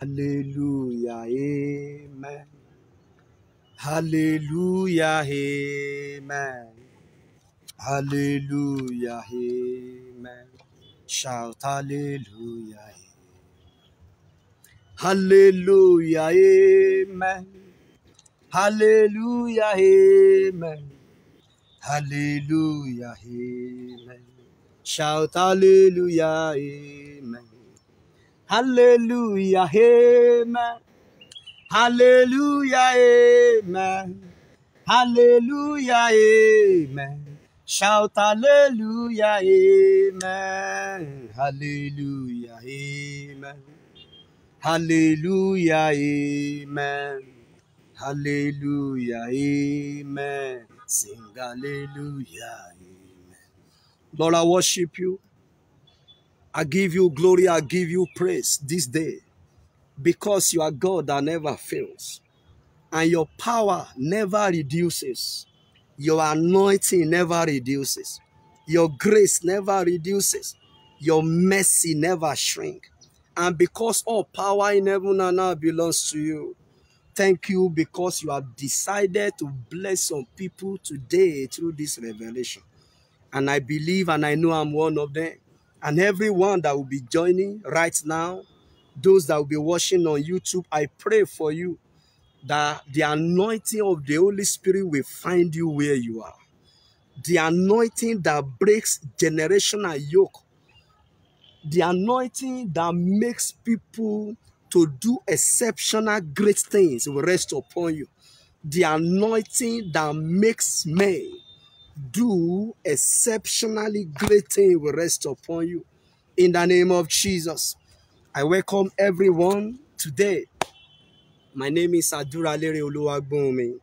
Hallelujah. Amen. Hallelujah. Amen. Hallelujah. Amen. Shout hallelujah. Hallelujah. Amen. Hallelujah. Amen. Hallelujah. Amen. Shout hallelujah. Amen. Hallelujah, amen. Hallelujah, amen. Hallelujah, amen. Shout hallelujah, amen. Hallelujah, amen. Hallelujah, amen. Hallelujah, amen. Sing hallelujah, amen. Lord, I worship you. I give you glory, I give you praise this day because you are God that never fails and your power never reduces. Your anointing never reduces. Your grace never reduces. Your mercy never shrink. And because all power in heaven and earth belongs to you, thank you because you have decided to bless some people today through this revelation. And I believe and I know I'm one of them and everyone that will be joining right now, those that will be watching on YouTube, I pray for you that the anointing of the Holy Spirit will find you where you are. The anointing that breaks generational yoke. The anointing that makes people to do exceptional great things will rest upon you. The anointing that makes men do exceptionally great thing will rest upon you. In the name of Jesus, I welcome everyone today. My name is Adura Lere Oluwagbomi.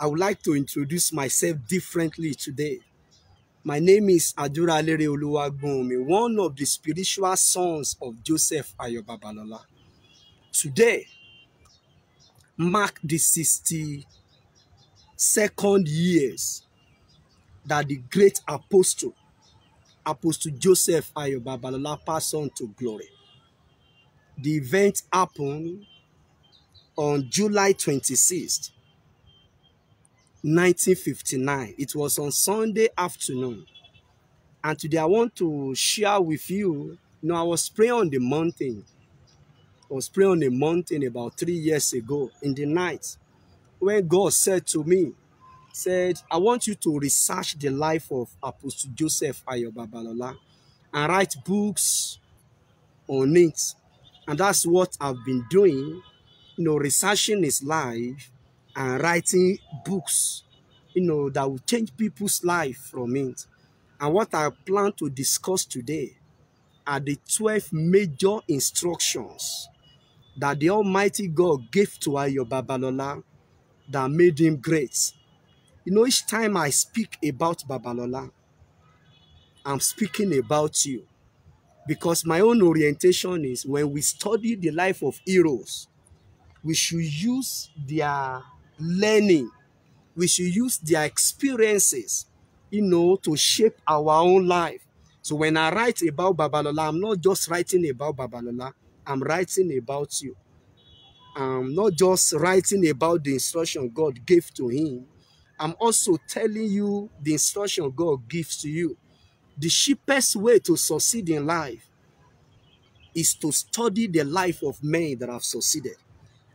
I would like to introduce myself differently today. My name is Adura Lere Oluwagbomi, one of the spiritual sons of Joseph Ayobabalola. Today, mark the sixty second years that the great apostle, Apostle Joseph Ayo Babalola, passed on to glory. The event happened on July 26th, 1959. It was on Sunday afternoon. And today I want to share with you, you know, I was praying on the mountain. I was praying on the mountain about three years ago in the night when God said to me, said, I want you to research the life of Apostle Joseph Ayo Babalola and write books on it. And that's what I've been doing, you know, researching his life and writing books, you know, that will change people's life from it. And what I plan to discuss today are the 12 major instructions that the Almighty God gave to Ayo Babalola that made him great You know, each time I speak about Babalola, I'm speaking about you. Because my own orientation is when we study the life of heroes, we should use their learning, we should use their experiences, you know, to shape our own life. So when I write about Babalola, I'm not just writing about Babalola, I'm writing about you. I'm not just writing about the instruction God gave to him, I'm also telling you the instruction God gives to you. The cheapest way to succeed in life is to study the life of men that have succeeded.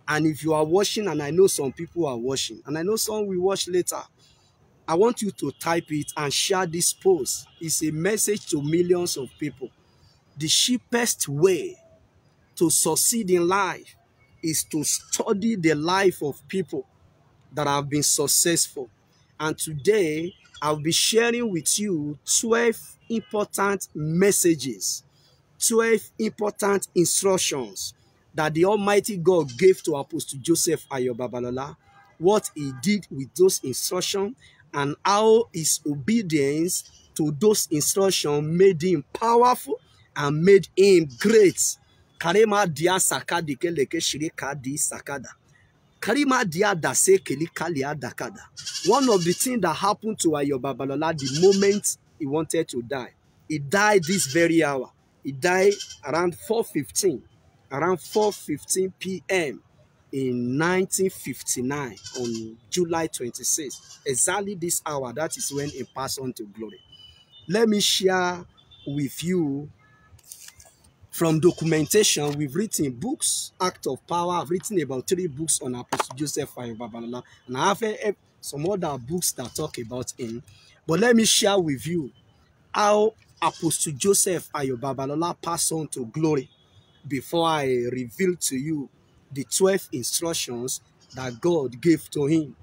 And if you are watching, and I know some people are watching, and I know some will watch later, I want you to type it and share this post. It's a message to millions of people. The cheapest way to succeed in life is to study the life of people that have been successful. And today, I'll be sharing with you 12 important messages, 12 important instructions that the Almighty God gave to Apostle Joseph Ayo Babalola, what he did with those instructions, and how his obedience to those instructions made him powerful and made him great. Karema dia sakadi leke shirika di sakada. Karima Diada say Kenikali Adakada. One of the things that happened to Ayo Babalola the moment he wanted to die, he died this very hour. He died around 4.15, around 4.15 p.m. in 1959 on July 26. Exactly this hour, that is when he passed on to glory. Let me share with you from documentation we've written books act of power i've written about three books on apostle joseph ayo babalala and i have uh, some other books that talk about him but let me share with you how apostle joseph ayo babalala passed on to glory before i reveal to you the 12 instructions that god gave to him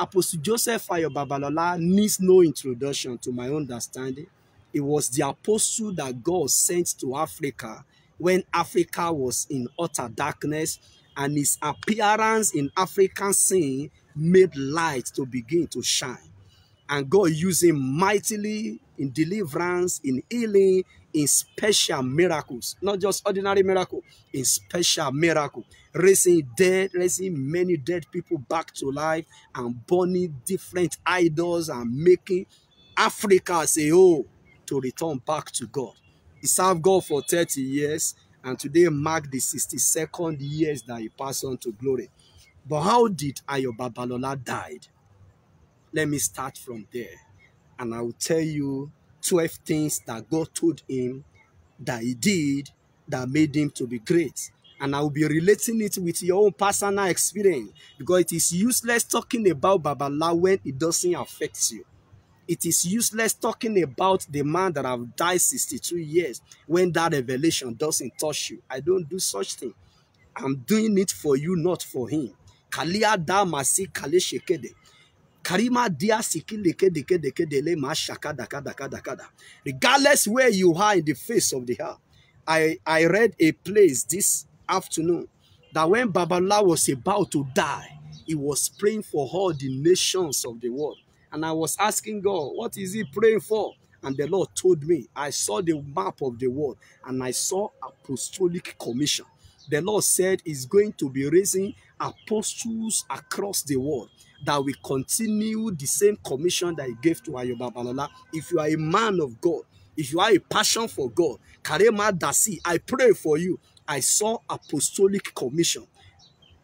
apostle joseph ayo babalala needs no introduction to my understanding It was the apostle that God sent to Africa when Africa was in utter darkness and his appearance in African scene made light to begin to shine. And God used him mightily in deliverance, in healing, in special miracles, not just ordinary miracle, in special miracle, raising dead, raising many dead people back to life, and burning different idols and making Africa say, oh, to return back to God. He served God for 30 years, and today mark the 62nd years that he passed on to glory. But how did Ayobabalola died? Let me start from there, and I will tell you 12 things that God told him that he did that made him to be great. And I will be relating it with your own personal experience because it is useless talking about babalola when it doesn't affect you it is useless talking about the man that have died 62 years when that revelation doesn't touch you. I don't do such thing. I'm doing it for you, not for him. Kalia da masi kale shekede. Karima dia sikile kada kada kada. Regardless where you are in the face of the earth, I, I read a place this afternoon that when Babala was about to die, he was praying for all the nations of the world. And I was asking God, what is he praying for? And the Lord told me, I saw the map of the world and I saw apostolic commission. The Lord said he's going to be raising apostles across the world that will continue the same commission that he gave to Ayoba Balola. If you are a man of God, if you are a passion for God, Karema Dasi, I pray for you. I saw apostolic commission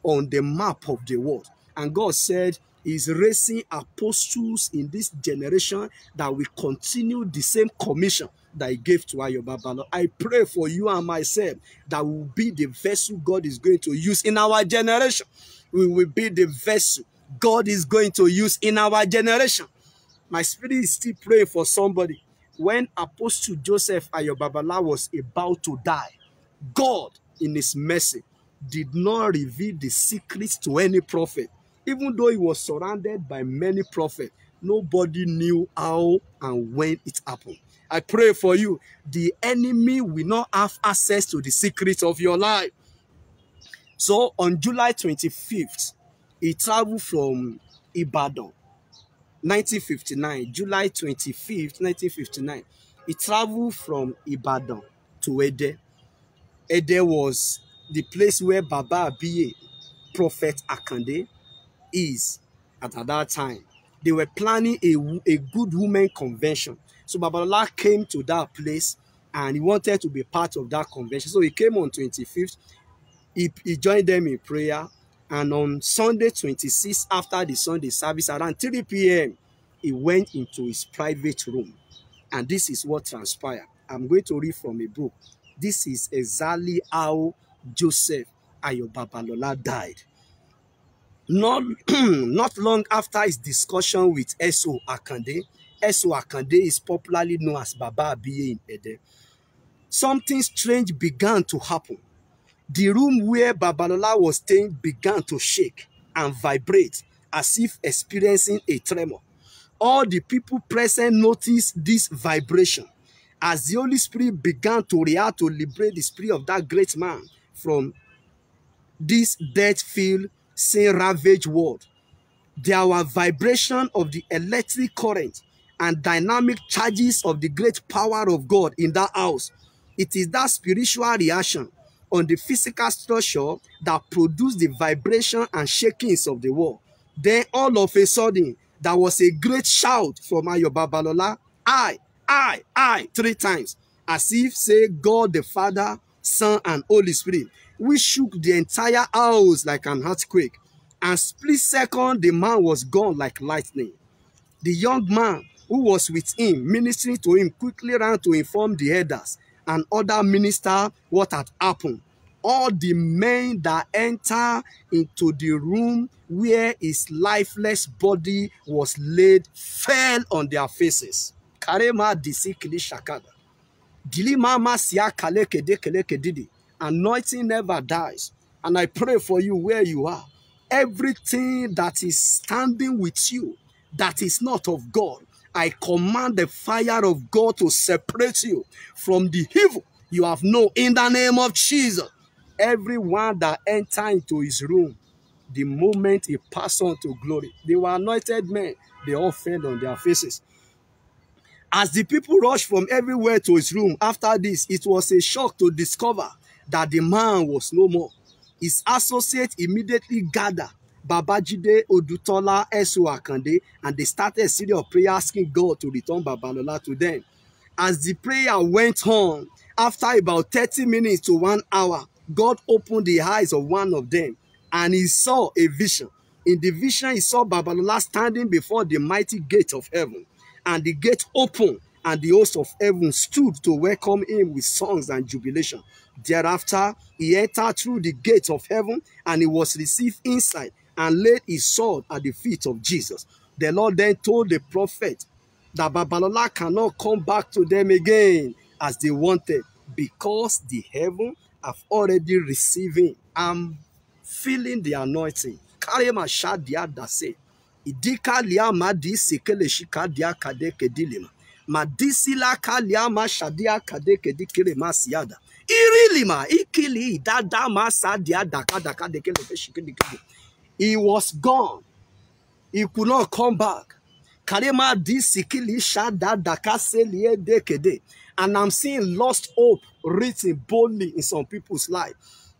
on the map of the world. And God said, is raising apostles in this generation that will continue the same commission that he gave to Ayoba Balo. I pray for you and myself that will be the vessel God is going to use in our generation. We will be the vessel God is going to use in our generation. My spirit is still praying for somebody. When Apostle Joseph Ayobabala was about to die, God, in his mercy, did not reveal the secrets to any prophet even though he was surrounded by many prophets, nobody knew how and when it happened. I pray for you. The enemy will not have access to the secrets of your life. So on July 25th, he traveled from Ibadan, 1959, July 25th, 1959. He traveled from Ibadan to Ede. Ede was the place where Baba Abiye, Prophet Akande, is at, at that time. They were planning a, a good woman convention. So Babalola came to that place and he wanted to be part of that convention. So he came on 25th. He, he joined them in prayer. And on Sunday 26th, after the Sunday service, around 3 p.m., he went into his private room. And this is what transpired. I'm going to read from a book. This is exactly how Joseph Ayobabalola died. Not, not long after his discussion with S.O. Akande, S.O. Akande is popularly known as Baba Abiye in Ede, something strange began to happen. The room where Babalola was staying began to shake and vibrate as if experiencing a tremor. All the people present noticed this vibration as the Holy Spirit began to react to liberate the spirit of that great man from this death-filled sin ravaged world, there were vibration of the electric current and dynamic charges of the great power of God in that house. It is that spiritual reaction on the physical structure that produced the vibration and shakings of the world. Then all of a sudden, there was a great shout from Ayo Babalola, I, I, I, three times, as if say God the Father, Son, and Holy Spirit. which shook the entire house like an earthquake. And split second, the man was gone like lightning. The young man who was with him, ministering to him, quickly ran to inform the elders and other minister what had happened. All the men that enter into the room where his lifeless body was laid fell on their faces. Karema disikili shakada. Dilimama siya kale kede kele kedidi. Anointing never dies. And I pray for you where you are. Everything that is standing with you that is not of God, I command the fire of God to separate you from the evil you have known in the name of Jesus. Everyone that enter into his room, the moment he passed on to glory, they were anointed men, they all fell on their faces. As the people rushed from everywhere to his room after this, it was a shock to discover that the man was no more. His associates immediately gathered Babajide Odutola Esu Akande and they started a series of prayer asking God to return Babalola to them. As the prayer went on, after about 30 minutes to one hour, God opened the eyes of one of them and he saw a vision. In the vision, he saw Babalola standing before the mighty gate of heaven and the gate opened and the host of heaven stood to welcome him with songs and jubilation. Thereafter, he entered through the gates of heaven and he was received inside and laid his sword at the feet of Jesus. The Lord then told the prophet that Babalola cannot come back to them again as they wanted because the heaven have already received him. I'm feeling the anointing. Karema shadia dase. Idika liama di sekele shika dia kade kedilima. Madisila kaliama shadia kade kedikile masiada. Irilima, ikili, dada, masa, dia, daka, daka, He was gone. He could not come back. Karema disikili shada daka selie dekede. And I'm seeing lost hope written boldly in some people's life.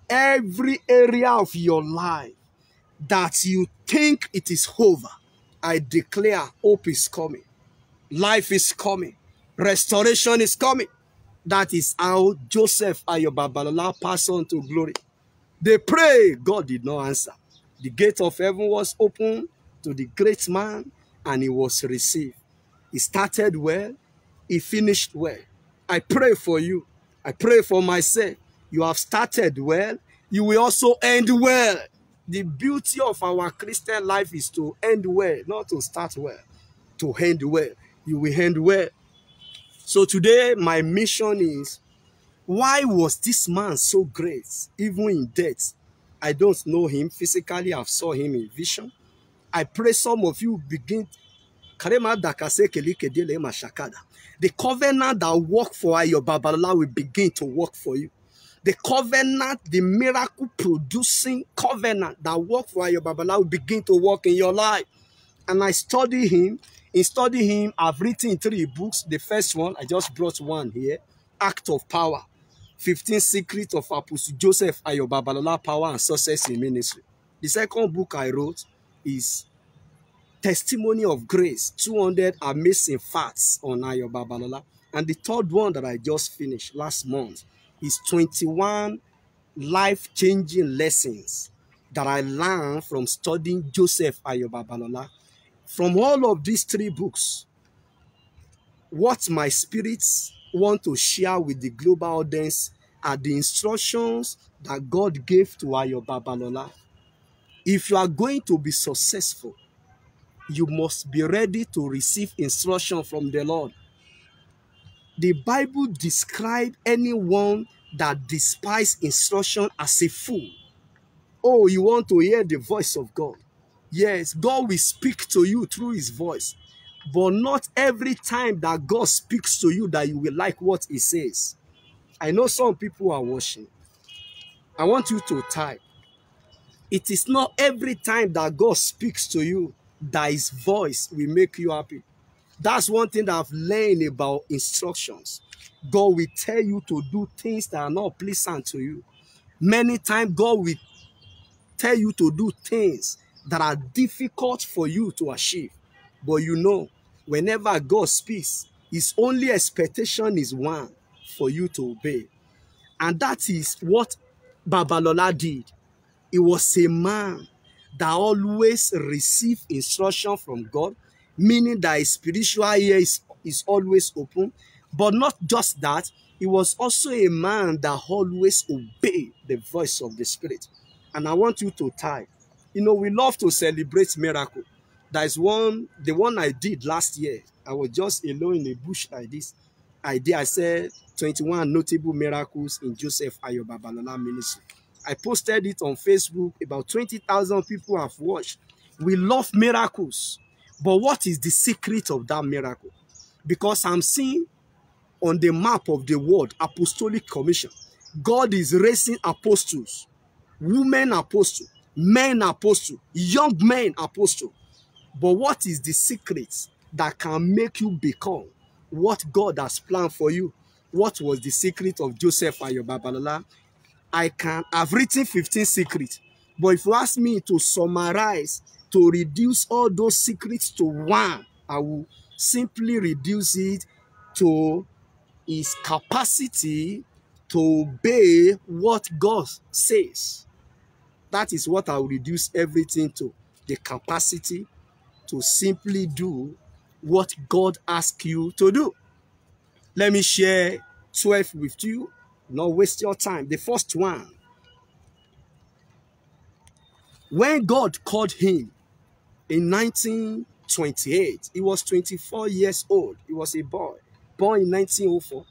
Every area of your life that you think it is over, I declare hope is coming. Life is coming. Restoration is coming. That is how Joseph Ayobabalola passed on to glory. They prayed, God did not answer. The gate of heaven was open to the great man and he was received. He started well, he finished well. I pray for you. I pray for myself. You have started well, you will also end well. The beauty of our Christian life is to end well, not to start well, to end well. You will end well. So today, my mission is why was this man so great, even in death? I don't know him physically, I've saw him in vision. I pray some of you begin. The covenant that work for your Babala will begin to work for you. The covenant, the miracle producing covenant that work for your Babala will begin to work in your life and I study him. In studying him, I've written three books. The first one, I just brought one here, Act of Power, 15 Secrets of Apostle Joseph Ayobabalola Power and Success in Ministry. The second book I wrote is Testimony of Grace, 200 Amazing Facts on Ayobabalola. And the third one that I just finished last month is 21 Life-Changing Lessons that I learned from studying Joseph Ayobabalola from all of these three books, what my spirits want to share with the global audience are the instructions that God gave to Ayo Babalola. If you are going to be successful, you must be ready to receive instruction from the Lord. The Bible describes anyone that despises instruction as a fool. Oh, you want to hear the voice of God. Yes, God will speak to you through his voice. But not every time that God speaks to you that you will like what he says. I know some people are watching. I want you to type. It is not every time that God speaks to you that his voice will make you happy. That's one thing that I've learned about instructions. God will tell you to do things that are not pleasant to you. Many times God will tell you to do things that are difficult for you to achieve. But you know, whenever God speaks, his only expectation is one for you to obey. And that is what Babalola did. He was a man that always received instruction from God, meaning that his spiritual ear is, is always open. But not just that, he was also a man that always obeyed the voice of the Spirit. And I want you to type, You know, we love to celebrate miracle. There's one, the one I did last year. I was just alone in a bush like this. Idea, I said, 21 notable miracles in Joseph Ayobabalola ministry. I posted it on Facebook. About 20,000 people have watched. We love miracles. But what is the secret of that miracle? Because I'm seeing on the map of the world, Apostolic Commission, God is raising apostles, women apostles, men apostle, young men apostle. But what is the secret that can make you become what God has planned for you? What was the secret of Joseph and your Babalola? I can, have written fifteen secrets. But if you ask me to summarize, to reduce all those secrets to one, I will simply reduce it to his capacity to obey what God says. That is what I will reduce everything to. The capacity to simply do what God asks you to do. Let me share 12 with you. Not waste your time. The first one. When God called him in 1928, he was 24 years old. He was a boy, born in 1904.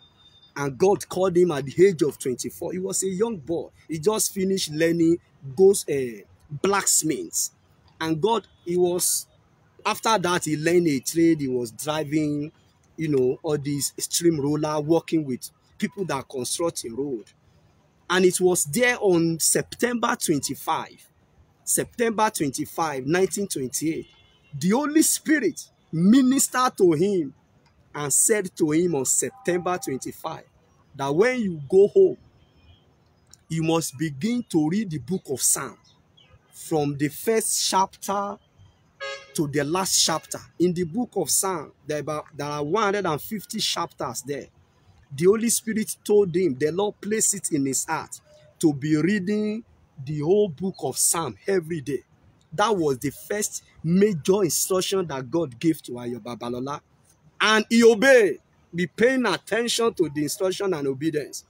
And God called him at the age of 24. He was a young boy. He just finished learning Goes uh, eh, blacksmith, And God, he was, after that, he learned a trade. He was driving, you know, all these stream roller, working with people that construct a road. And it was there on September 25, September 25, 1928. The Holy Spirit ministered to him and said to him on September 25 that when you go home, you must begin to read the book of Psalm from the first chapter to the last chapter. In the book of Psalm, there are 150 chapters there. The Holy Spirit told him, the Lord placed it in his heart to be reading the whole book of Psalm every day. That was the first major instruction that God gave to Ayo Babalola. And he obeyed. Be paying attention to the instruction and obedience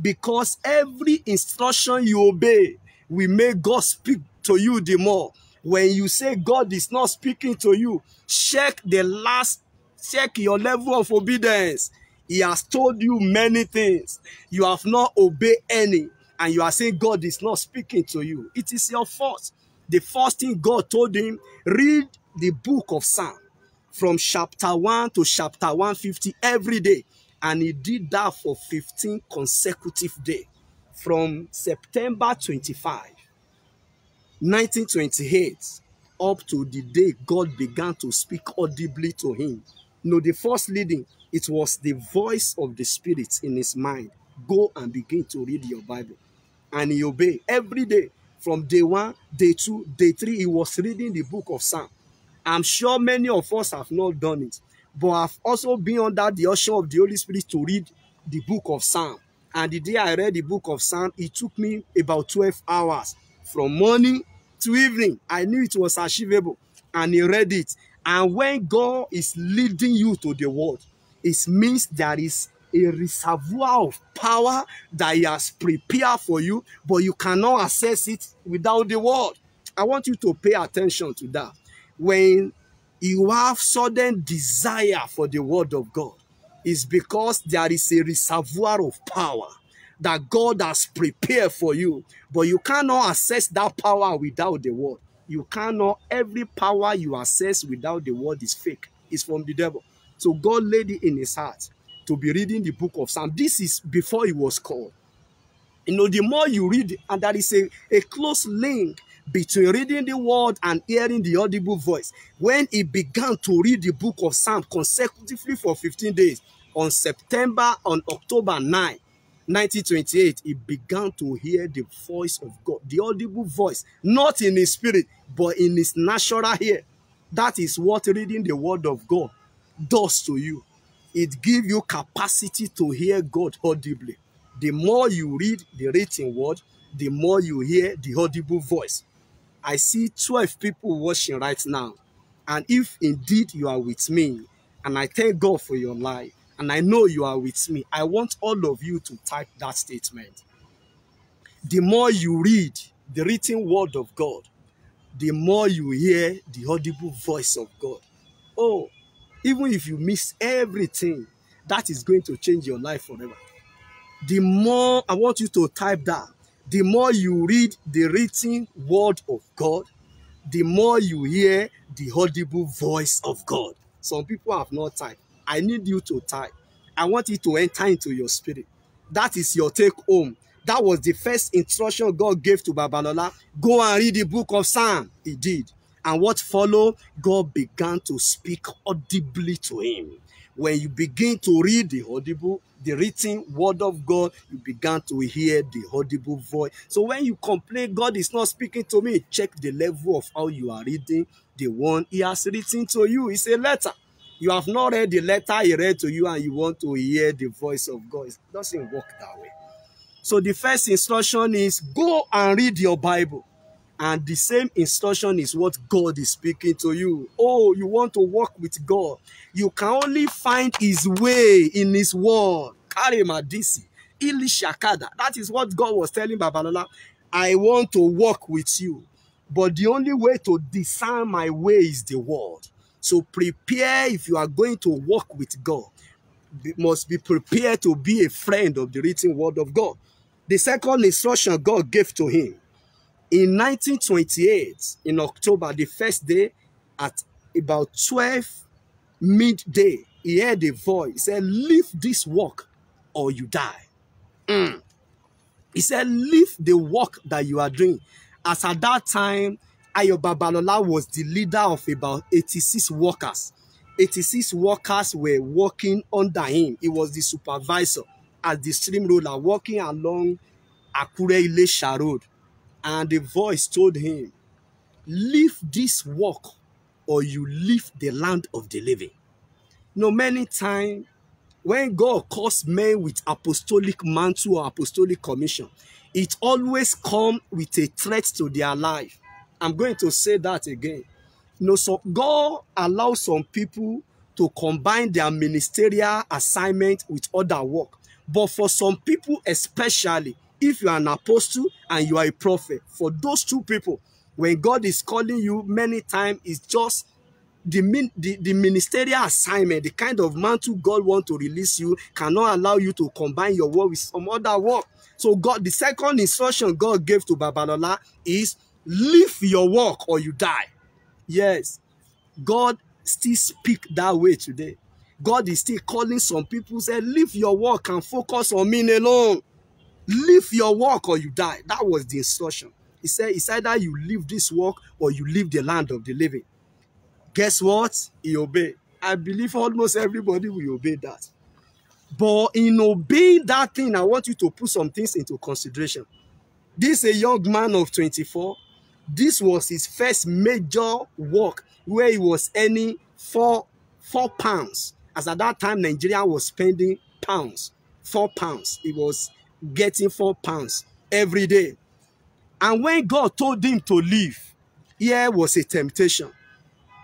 because every instruction you obey will make God speak to you the more. When you say God is not speaking to you, check the last, check your level of obedience. He has told you many things. You have not obeyed any, and you are saying God is not speaking to you. It is your fault. The first thing God told him, read the book of Psalm from chapter 1 to chapter 150 every day. And he did that for 15 consecutive days from September 25, 1928, up to the day God began to speak audibly to him. No, the first leading, it was the voice of the Spirit in his mind. Go and begin to read your Bible. And he obeyed every day from day one, day two, day three. He was reading the book of Psalm. I'm sure many of us have not done it. But I've also been under the usher of the Holy Spirit to read the book of Psalm. And the day I read the book of Psalm, it took me about 12 hours from morning to evening. I knew it was achievable. And he read it. And when God is leading you to the word, it means there is a reservoir of power that he has prepared for you, but you cannot access it without the word. I want you to pay attention to that. When you have sudden desire for the word of God is because there is a reservoir of power that God has prepared for you, but you cannot access that power without the word. You cannot, every power you access without the word is fake. It's from the devil. So God laid it in his heart to be reading the book of Psalm. This is before he was called. You know, the more you read, and there is a, a close link between reading the word and hearing the audible voice. When he began to read the book of Psalm consecutively for 15 days, on September, on October 9, 1928, he began to hear the voice of God, the audible voice, not in his spirit, but in his natural ear. That is what reading the word of God does to you. It gives you capacity to hear God audibly. The more you read the written word, the more you hear the audible voice. I see 12 people watching right now. And if indeed you are with me, and I thank God for your life, and I know you are with me, I want all of you to type that statement. The more you read the written word of God, the more you hear the audible voice of God. Oh, even if you miss everything, that is going to change your life forever. The more I want you to type that, the more you read the written word of God, the more you hear the audible voice of God. Some people have not typed. I need you to type. I want it to enter into your spirit. That is your take home. That was the first instruction God gave to Babalola. Go and read the book of Psalm. He did. And what followed? God began to speak audibly to him. when you begin to read the audible, the written word of God, you began to hear the audible voice. So when you complain, God is not speaking to me, check the level of how you are reading the one He has written to you. It's a letter. You have not read the letter He read to you and you want to hear the voice of God. It doesn't work that way. So the first instruction is go and read your Bible. And the same instruction is what God is speaking to you. Oh, you want to walk with God. You can only find his way in his word. Karimadisi. Ilishakada. That is what God was telling Babalola. I want to walk with you. But the only way to discern my way is the word. So prepare if you are going to walk with God. You must be prepared to be a friend of the written word of God. The second instruction God gave to him In 1928, in October, the first day, at about 12 midday, he heard a voice he said, Leave this work or you die. Mm. He said, Leave the work that you are doing. As at that time, Ayo Babalola was the leader of about 86 workers. 86 workers were working under him. He was the supervisor as the stream roller, working along Akure Ilesha Road. And the voice told him, Leave this work, or you leave the land of the living. You no, many times when God calls men with apostolic mantle or apostolic commission, it always comes with a threat to their life. I'm going to say that again. No, so God allows some people to combine their ministerial assignment with other work. But for some people especially, if you are an apostle and you are a prophet, for those two people, when God is calling you many times, it's just the, the, the ministerial assignment, the kind of mantle God wants to release you, cannot allow you to combine your work with some other work. So God, the second instruction God gave to Babalola is, leave your work or you die. Yes, God still speak that way today. God is still calling some people, say, leave your work and focus on me alone. Leave your work or you die. That was the instruction. He said, it's either you leave this work or you leave the land of the living. Guess what? He obeyed. I believe almost everybody will obey that. But in obeying that thing, I want you to put some things into consideration. This a young man of 24. This was his first major work where he was earning four, four pounds. As at that time, Nigeria was spending pounds, four pounds. It was getting four pounds every day. And when God told him to leave, here was a temptation.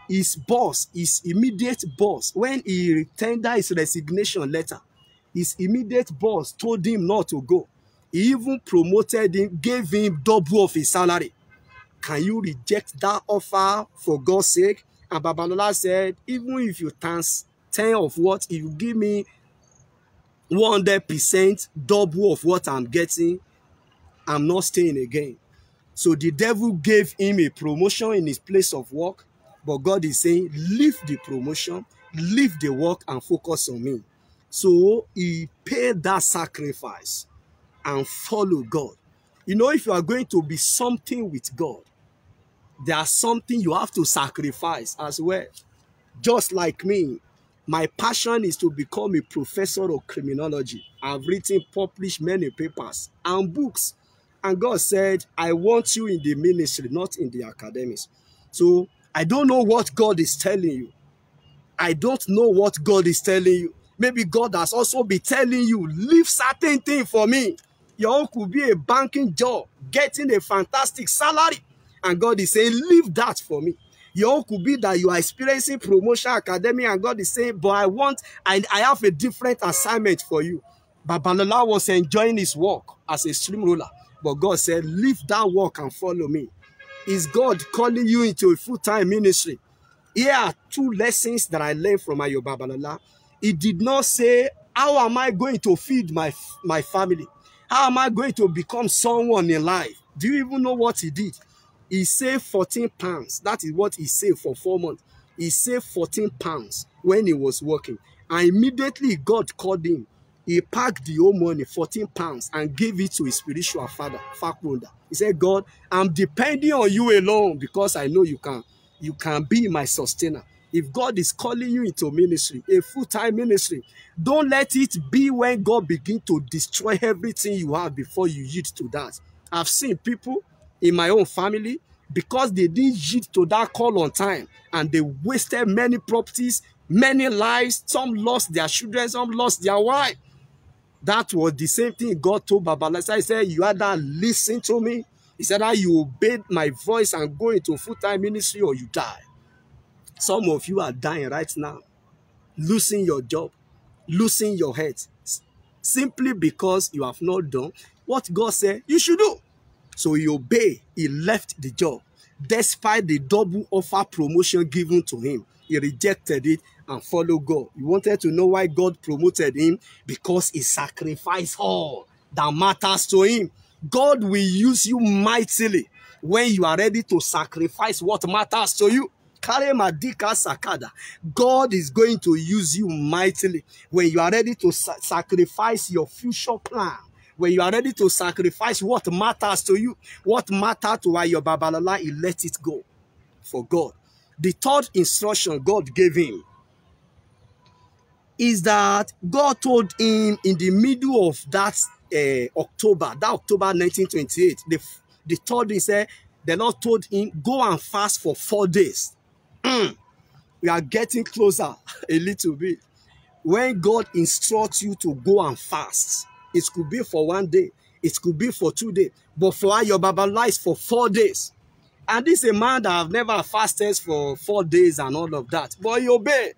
His boss, his immediate boss, when he tendered his resignation letter, his immediate boss told him not to go. He even promoted him, gave him double of his salary. Can you reject that offer for God's sake? And Babalola said, even if you thanks 10 of what, if you give me hundred percent, double of what I'm getting, I'm not staying again. So the devil gave him a promotion in his place of work, but God is saying, leave the promotion, leave the work and focus on me. So he paid that sacrifice and follow God. You know, if you are going to be something with God, there are something you have to sacrifice as well. Just like me, My passion is to become a professor of criminology. I've written, published many papers and books. And God said, I want you in the ministry, not in the academies." So I don't know what God is telling you. I don't know what God is telling you. Maybe God has also been telling you, leave certain thing for me. Your own could be a banking job, getting a fantastic salary. And God is saying, leave that for me. Your own could be that you are experiencing promotion, academy, and God is saying, but I want, I, I have a different assignment for you. Babalola was enjoying his work as a stream ruler, but God said, leave that work and follow me. Is God calling you into a full-time ministry? Here are two lessons that I learned from Ayo Babalola. He did not say, how am I going to feed my, my family? How am I going to become someone in life? Do you even know what he did? He saved 14 pounds. That is what he saved for four months. He saved 14 pounds when he was working. And immediately God called him. He packed the old money, 14 pounds, and gave it to his spiritual father, Fakunda. He said, God, I'm depending on you alone because I know you can. You can be my sustainer. If God is calling you into ministry, a full-time ministry, don't let it be when God begin to destroy everything you have before you yield to that. I've seen people in my own family because they didn't yield to that call on time and they wasted many properties, many lives. Some lost their children, some lost their wife. That was the same thing God told Babalasa. He said, You either listen to me. He said that you obey my voice and go into full-time ministry or you die. Some of you are dying right now, losing your job, losing your head, simply because you have not done what God said you should do. So he obeyed. He left the job. Despite the double offer promotion given to him, he rejected it and followed God. He wanted to know why God promoted him because he sacrificed all that matters to him. God will use you mightily when you are ready to sacrifice what matters to you. Sakada. God is going to use you mightily when you are ready to sa sacrifice your future plan when you are ready to sacrifice what matters to you, what matters to why your babalala, he let it go for God. The third instruction God gave him is that God told him in the middle of that uh, October, that October 1928, the, the third he said, the Lord told him, go and fast for four days. Hmm. we are getting closer a little bit. When God instructs you to go and fast, It could be for one day. It could be for two days. But fly your Baba lies for four days. And this is a man that have never fasted for four days and all of that. But he obeyed.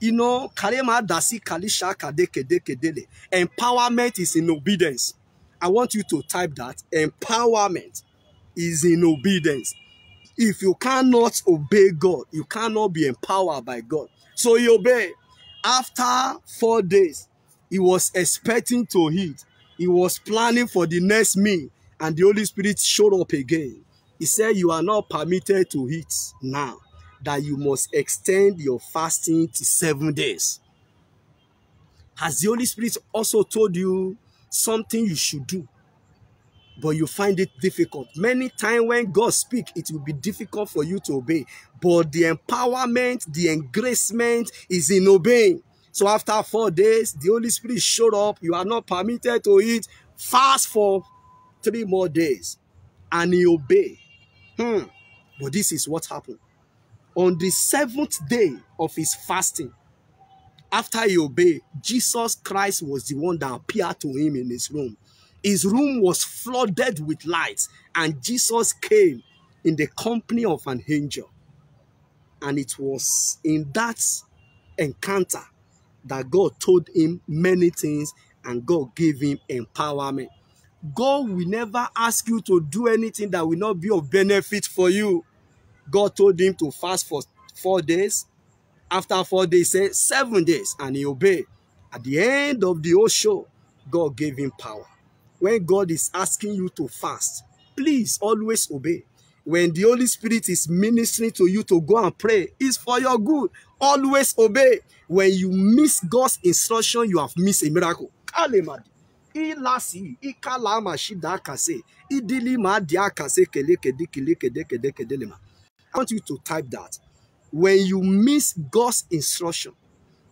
You know, Karema Dasi Kalisha dele. Empowerment is in obedience. I want you to type that. Empowerment is in obedience. If you cannot obey God, you cannot be empowered by God. So you obey. After four days, he was expecting to eat. He was planning for the next meal. And the Holy Spirit showed up again. He said, You are not permitted to eat now, that you must extend your fasting to seven days. Has the Holy Spirit also told you something you should do? But you find it difficult. Many times when God speaks, it will be difficult for you to obey. But the empowerment, the engracement is in obeying. So after four days, the Holy Spirit showed up. You are not permitted to eat. Fast for three more days. And he obeyed. Hmm. But this is what happened. On the seventh day of his fasting, after he obeyed, Jesus Christ was the one that appeared to him in his room. His room was flooded with lights, and Jesus came in the company of an angel. And it was in that encounter that God told him many things and God gave him empowerment. God will never ask you to do anything that will not be of benefit for you. God told him to fast for four days. After four days, he said seven days, and he obeyed. At the end of the whole show, God gave him power. When God is asking you to fast, please always obey. when the Holy Spirit is ministering to you to go and pray, it's for your good. Always obey. When you miss God's instruction, you have missed a miracle. Alemadi. Ilasi, ikalama shida kase, idilima dia kase kele kede kele kede kede kede lema. I want you to type that. When you miss God's instruction,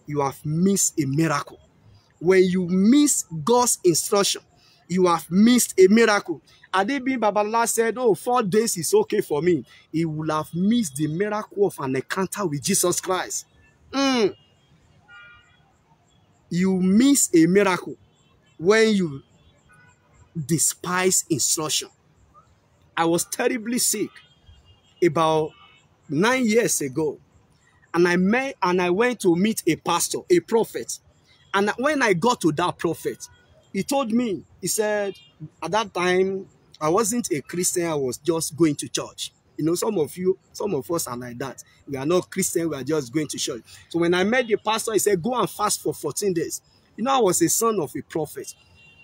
you have missed a miracle. When you miss God's instruction, you have missed a miracle. Had it been Babala said, Oh, four days is okay for me, he would have missed the miracle of an encounter with Jesus Christ. Mm. You miss a miracle when you despise instruction. I was terribly sick about nine years ago, and I met and I went to meet a pastor, a prophet. And when I got to that prophet, he told me, he said, at that time, I wasn't a Christian. I was just going to church. You know, some of you, some of us are like that. We are not Christian. We are just going to church. So when I met the pastor, he said, go and fast for 14 days. You know, I was a son of a prophet.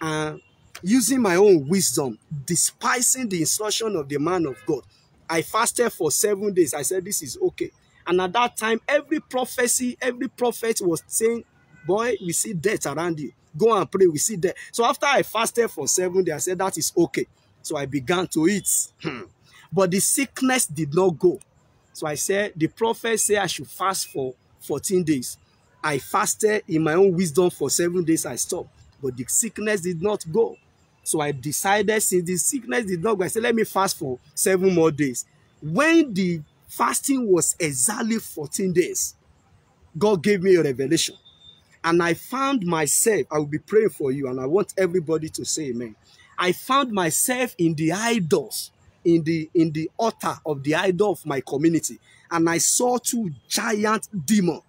And using my own wisdom, despising the instruction of the man of God, I fasted for seven days. I said, this is okay. And at that time, every prophecy, every prophet was saying, boy, we see death around you. Go and pray, we see death. So after I fasted for seven days, I said, that is okay. So I began to eat. Hmm. but the sickness did not go. So I said, the prophet said I should fast for 14 days. I fasted in my own wisdom for seven days. I stopped. But the sickness did not go. So I decided since the sickness did not go, I said, let me fast for seven more days. When the fasting was exactly 14 days, God gave me a revelation. And I found myself, I will be praying for you, and I want everybody to say amen. I found myself in the idols, in the in the altar of the idol of my community, and I saw two giant demons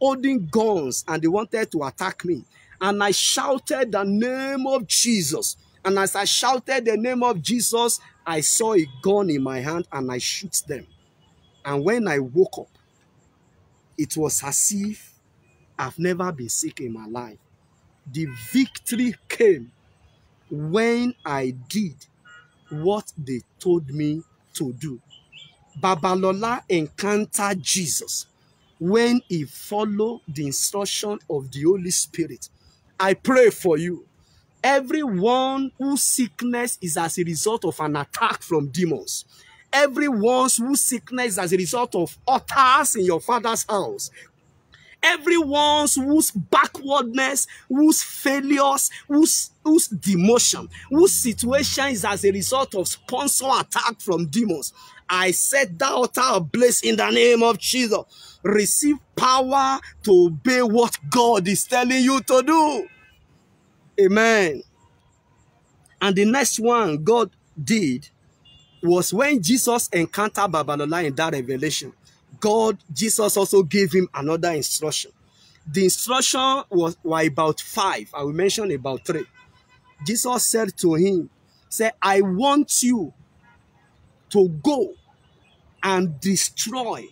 holding guns, and they wanted to attack me. And I shouted the name of Jesus. And as I shouted the name of Jesus, I saw a gun in my hand and I shoot them. And when I woke up, it was as if I've never been sick in my life. The victory came when I did what they told me to do. Babalola encountered Jesus when he followed the instruction of the Holy Spirit. I pray for you. Everyone whose sickness is as a result of an attack from demons, everyone whose sickness is as a result of altars in your father's house, everyone's whose backwardness, whose failures, whose, whose demotion, whose situation is as a result of sponsor attack from demons. I set that altar ablaze in the name of Jesus. Receive power to obey what God is telling you to do. Amen. And the next one God did was when Jesus encountered Babalola in that revelation. God, Jesus also gave him another instruction. The instruction was were about five. I will mention about three. Jesus said to him, "Say, I want you to go and destroy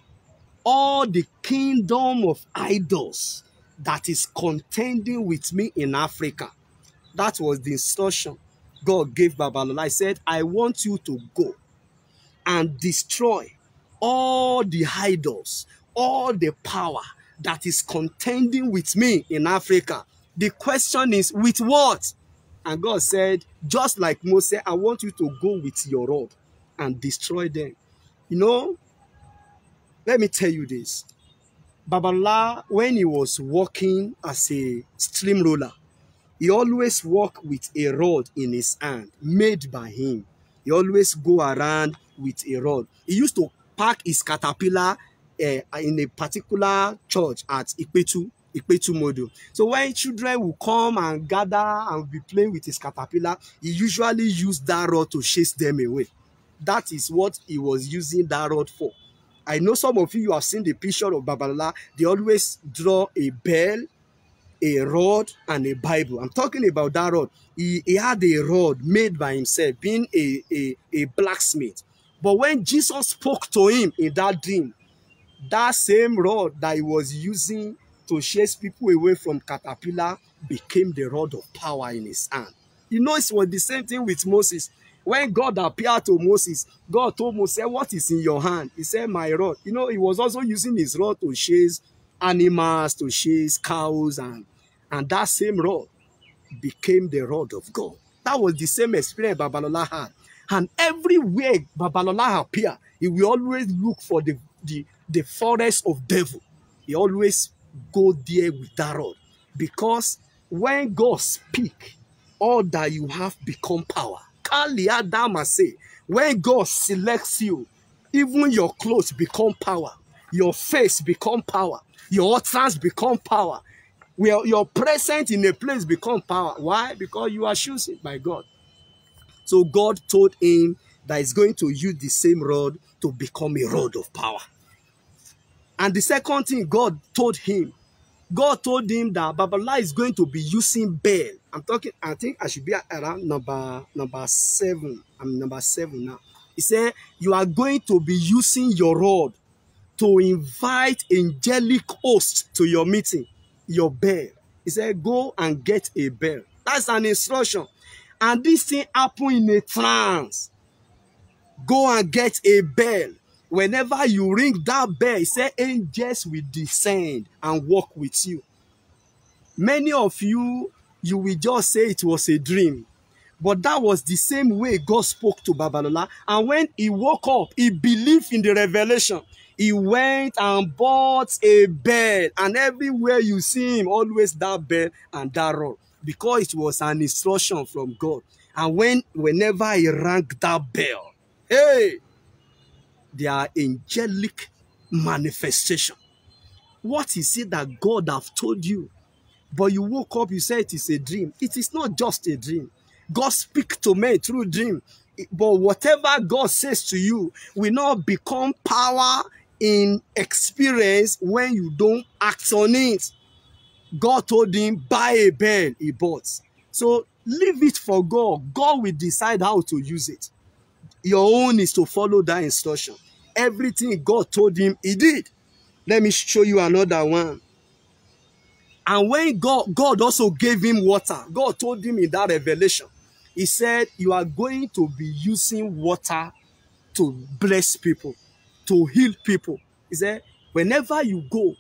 all the kingdom of idols that is contending with me in Africa." That was the instruction God gave Babalola. I said, I want you to go and destroy all the idols, all the power that is contending with me in Africa. The question is, with what? And God said, just like Moses, I want you to go with your rod and destroy them. You know, let me tell you this. Babala, when he was working as a stream roller, he always worked with a rod in his hand, made by him. He always go around with a rod. He used to park his caterpillar uh, in a particular church at Ipetu, Ipetu Modu. So when children will come and gather and be playing with his caterpillar, he usually used that rod to chase them away. That is what he was using that rod for. I know some of you, you have seen the picture of Babalola. They always draw a bell, a rod, and a Bible. I'm talking about that rod. He, he had a rod made by himself, being a, a, a blacksmith. But when Jesus spoke to him in that dream, that same rod that he was using to chase people away from caterpillar became the rod of power in his hand. You know, it was the same thing with Moses. When God appeared to Moses, God told Moses, What is in your hand? He said, My rod. You know, he was also using his rod to chase animals, to chase cows, and, and that same rod became the rod of God. That was the same experience Babalola had. And everywhere Babalola appear, he will always look for the, the, the forest of devil. He always go there with that rod. Because when God speak, all that you have become power. Kali Adama say, when God selects you, even your clothes become power. Your face become power. Your utterance become power. Your, your presence in a place become power. Why? Because you are chosen by God. So God told him that he's going to use the same rod to become a rod of power. And the second thing God told him, God told him that Babala is going to be using Baal. I'm talking, I think I should be around number, number seven. I'm number seven now. He said, you are going to be using your rod to invite angelic hosts to your meeting, your bell. He said, go and get a bell. That's an instruction. And this thing happened in a trance. Go and get a bell. Whenever you ring that bell, say angels will descend and walk with you. Many of you, you will just say it was a dream. But that was the same way God spoke to Babalola. And when he woke up, he believed in the revelation. He went and bought a bed. And everywhere you see him, always that bed and that roll because it was an instruction from God. And when whenever I rang that bell, hey, their angelic manifestation. What is it that God have told you? But you woke up, you said it is a dream. It is not just a dream. God speak to me through dream. But whatever God says to you will not become power in experience when you don't act on it. God told him, buy a bell, he bought. So leave it for God. God will decide how to use it. Your own is to follow that instruction. Everything God told him, he did. Let me show you another one. And when God, God also gave him water, God told him in that revelation, he said, you are going to be using water to bless people, to heal people. He said, whenever you go,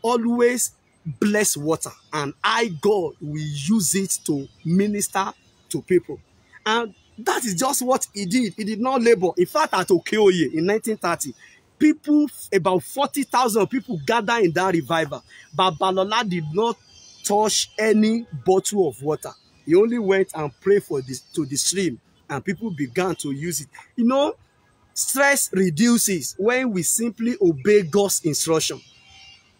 always Bless water and I, God, will use it to minister to people. And that is just what he did. He did not labor. In fact, at Okeoye in 1930, people, about 40,000 people gathered in that revival. But Balola did not touch any bottle of water. He only went and prayed for this, to the stream and people began to use it. You know, stress reduces when we simply obey God's instruction.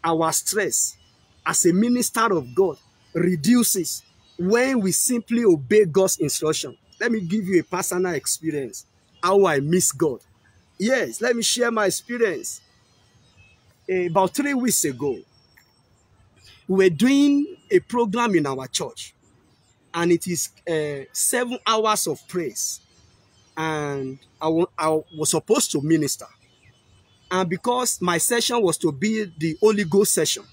Our stress as a minister of God reduces when we simply obey God's instruction. Let me give you a personal experience, how I miss God. Yes, let me share my experience. Eh, about three weeks ago, we were doing a program in our church, and it is uh, seven hours of praise. And I, I was supposed to minister. And because my session was to be the Holy Ghost session,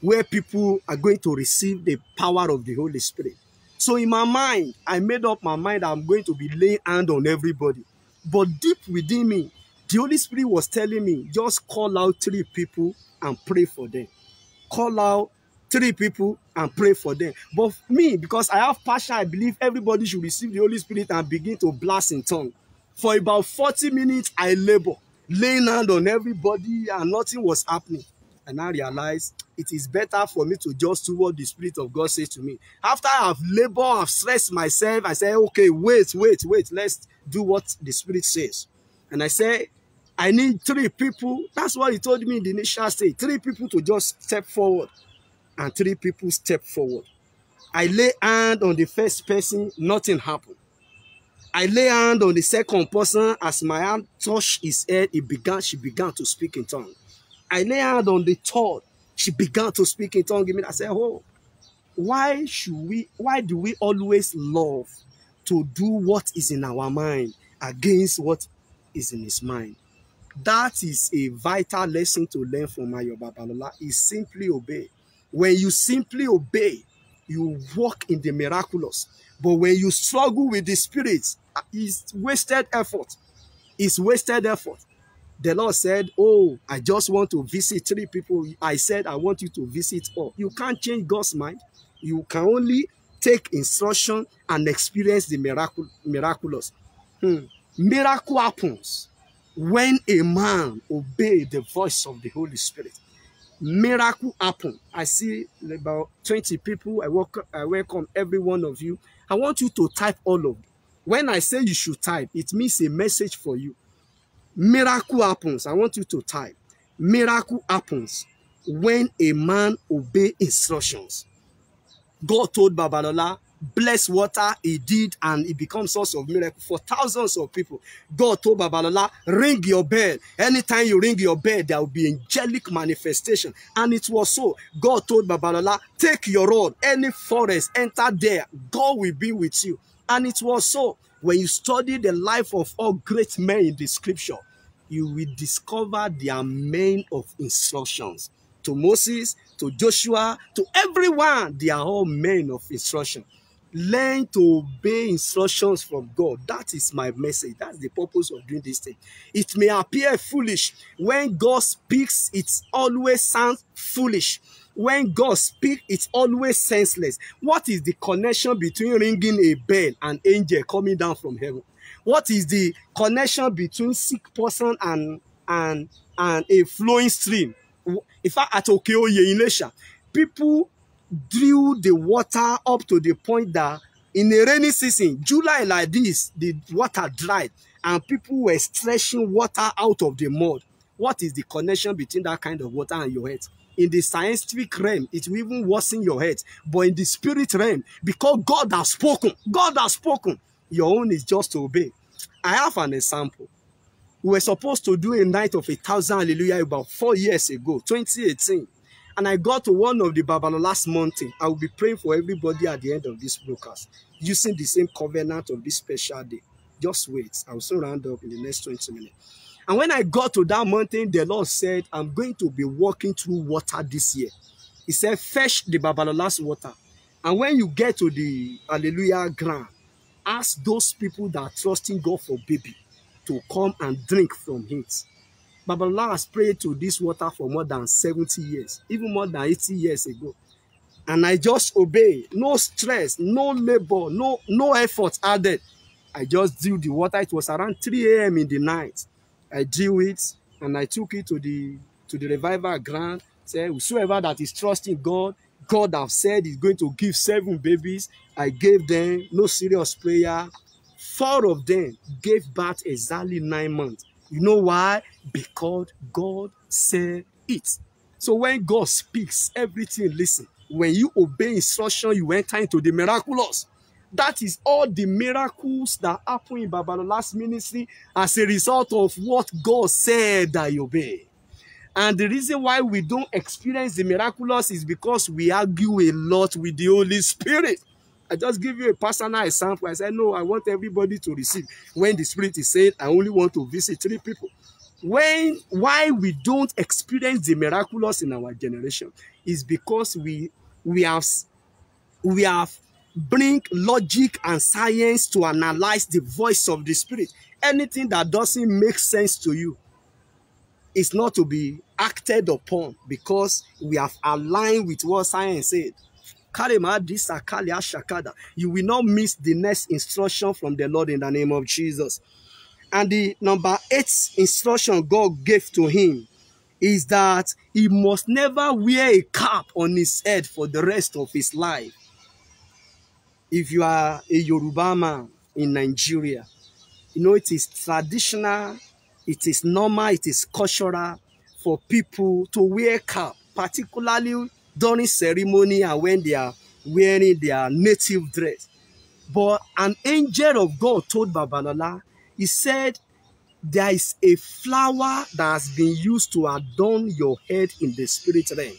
where people are going to receive the power of the Holy Spirit. So in my mind, I made up my mind I'm going to be laying hand on everybody. But deep within me, the Holy Spirit was telling me, just call out three people and pray for them. Call out three people and pray for them. But me, because I have passion, I believe everybody should receive the Holy Spirit and begin to blast in tongue. For about 40 minutes, I labor, laying hand on everybody and nothing was happening. I now realize it is better for me to just do what the Spirit of God says to me. After I've labored, I've stressed myself, I say, okay, wait, wait, wait, let's do what the Spirit says. And I say, I need three people. That's what he told me in the initial stage. Three people to just step forward. And three people step forward. I lay hand on the first person, nothing happened. I lay hand on the second person. As my hand touched his head, he began, she began to speak in tongues. I lay hand on the third. She began to speak in tongue. I said, Oh, why should we, why do we always love to do what is in our mind against what is in his mind? That is a vital lesson to learn from my Balola is simply obey. When you simply obey, you walk in the miraculous. But when you struggle with the spirits, it's wasted effort. It's wasted effort. The Lord said, Oh, I just want to visit three people. I said, I want you to visit all. You can't change God's mind. You can only take instruction and experience the miraculous. Hmm. Miracle happens when a man obeys the voice of the Holy Spirit. Miracle happen. I see about 20 people. I, welcome, I welcome every one of you. I want you to type all of them. When I say you should type, it means a message for you. Miracle happens. I want you to type. Miracle happens when a man obey instructions. God told Babalola, bless water, he did, and it becomes source of miracle for thousands of people. God told Babalola, ring your bell. Anytime you ring your bell, there will be angelic manifestation. And it was so. God told Babalola, take your road. any forest, enter there. God will be with you. And it was so. When you study the life of all great men in the scripture, you will discover their main of instructions. To Moses, to Joshua, to everyone, they are all men of instruction. Learn to obey instructions from God. That is my message. That's the purpose of doing this thing. It may appear foolish. When God speaks, it always sounds foolish. When God speaks, it's always senseless. What is the connection between ringing a bell and angel coming down from heaven? what is the connection between sick person and and and a flowing stream in fact at Okeo in lesha people drew the water up to the point that in the rainy season july like this the water dried and people were stretching water out of the mud what is the connection between that kind of water and your head in the scientific realm, it will even worsen your head. But in the spirit realm, because God has spoken, God has spoken, your own is just to obey. I have an example. We were supposed to do a night of a thousand hallelujah about four years ago, 2018. And I got to one of the Babylon last mountain. I will be praying for everybody at the end of this broadcast using the same covenant of this special day. Just wait. I will soon round up in the next 20 minutes. And when I got to that mountain, the Lord said, I'm going to be walking through water this year. He said, fetch the last water. And when you get to the Hallelujah ground, ask those people that are trusting God for baby to come and drink from it. Babalola has prayed to this water for more than 70 years, even more than 80 years ago. And I just obey, no stress, no labor, no, no effort added. I just drew the water. It was around 3 a.m. in the night. I drew it and I took it to the to the revival ground. Say, whosoever that is trusting God God have said he's going to give seven babies. I gave them no serious prayer. Four of them gave birth exactly nine months. You know why? Because God said it. So when God speaks, everything listen. When you obey instruction, you enter into the miraculous. That is all the miracles that happened in Babalola's ministry as a result of what God said that you obey. And the reason why we don't experience the miraculous is because we argue a lot with the Holy Spirit. I just give you a personal example. I said, no, I want everybody to receive. When the Spirit is saying, I only want to visit three people. When, why we don't experience the miraculous in our generation is because we, we have, we have bring logic and science to analyze the voice of the Spirit. Anything that doesn't make sense to you, is not to be acted upon because we have aligned with what science said. You will not miss the next instruction from the Lord in the name of Jesus. And the number eight instruction God gave to him is that he must never wear a cap on his head for the rest of his life. If you are a Yoruba man in Nigeria, you know it is traditional it is normal, it is cultural for people to wear cap, particularly during ceremony and when they are wearing their native dress. But an angel of God told Babalola, he said, there is a flower that has been used to adorn your head in the spirit realm.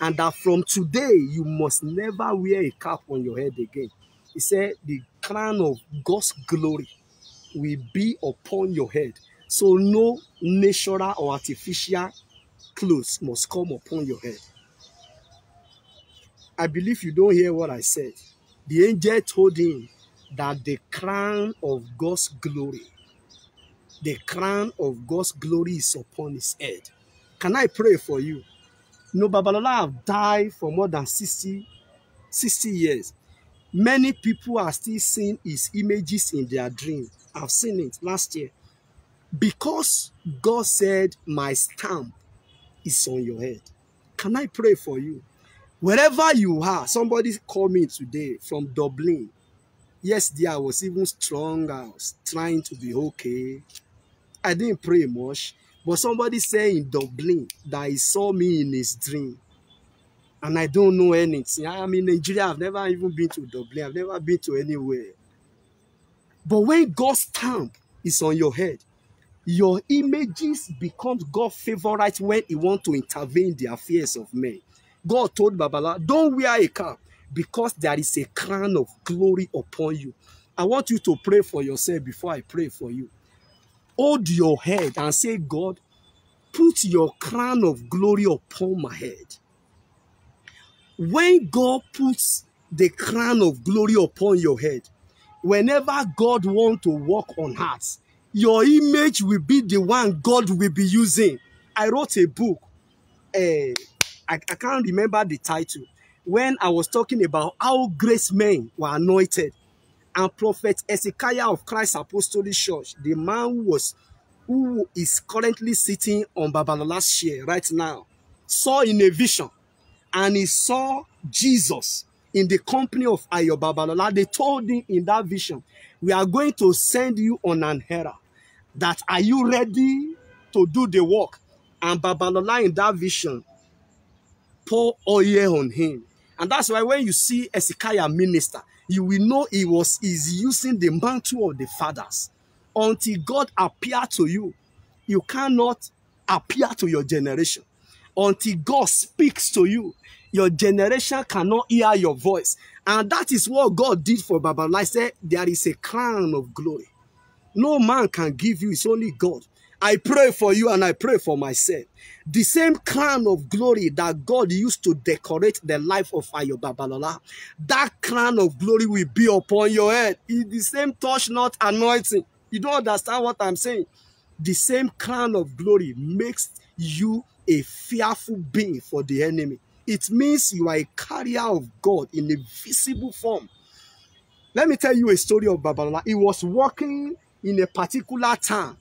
And that from today, you must never wear a cap on your head again. He said, the crown of God's glory will be upon your head. So no natural or artificial clothes must come upon your head. I believe you don't hear what I said. The angel told him that the crown of God's glory, the crown of God's glory is upon his head. Can I pray for you? No, Babalola have died for more than 60, 60 years. Many people are still seeing his images in their dreams. I've seen it last year. Because God said, My stamp is on your head. Can I pray for you? Wherever you are, somebody called me today from Dublin. Yesterday, I was even strong. I was trying to be okay. I didn't pray much. But somebody said in Dublin that he saw me in his dream. And I don't know anything. I am in Nigeria. I've never even been to Dublin. I've never been to anywhere. But when God's stamp is on your head, your images become God favorite when he want to intervene in the affairs of men. God told Babala, don't wear a cap because there is a crown of glory upon you. I want you to pray for yourself before I pray for you. Hold your head and say, God, put your crown of glory upon my head. When God puts the crown of glory upon your head, whenever God wants to walk on hearts, your image will be the one God will be using. I wrote a book. Uh, I, I can't remember the title. When I was talking about how grace men were anointed and prophet Ezekiah of Christ Apostolic Church, the man who was who is currently sitting on Babalola's chair right now, saw in a vision and he saw Jesus in the company of Ayo Babalola. They told him in that vision, we are going to send you on an herald that are you ready to do the work? And Babalola in that vision, pour oil on him. And that's why when you see Ezekiah minister, you will know he was is using the mantle of the fathers. Until God appear to you, you cannot appear to your generation. Until God speaks to you, your generation cannot hear your voice. And that is what God did for Babylon. I said, there is a crown of glory no man can give you, it's only God. I pray for you and I pray for myself. The same crown of glory that God used to decorate the life of Ayobabalola, that crown of glory will be upon your head. It's the same touch not anointing. You don't understand what I'm saying. The same crown of glory makes you a fearful being for the enemy. It means you are a carrier of God in a visible form. Let me tell you a story of Babalola. He was walking in a particular town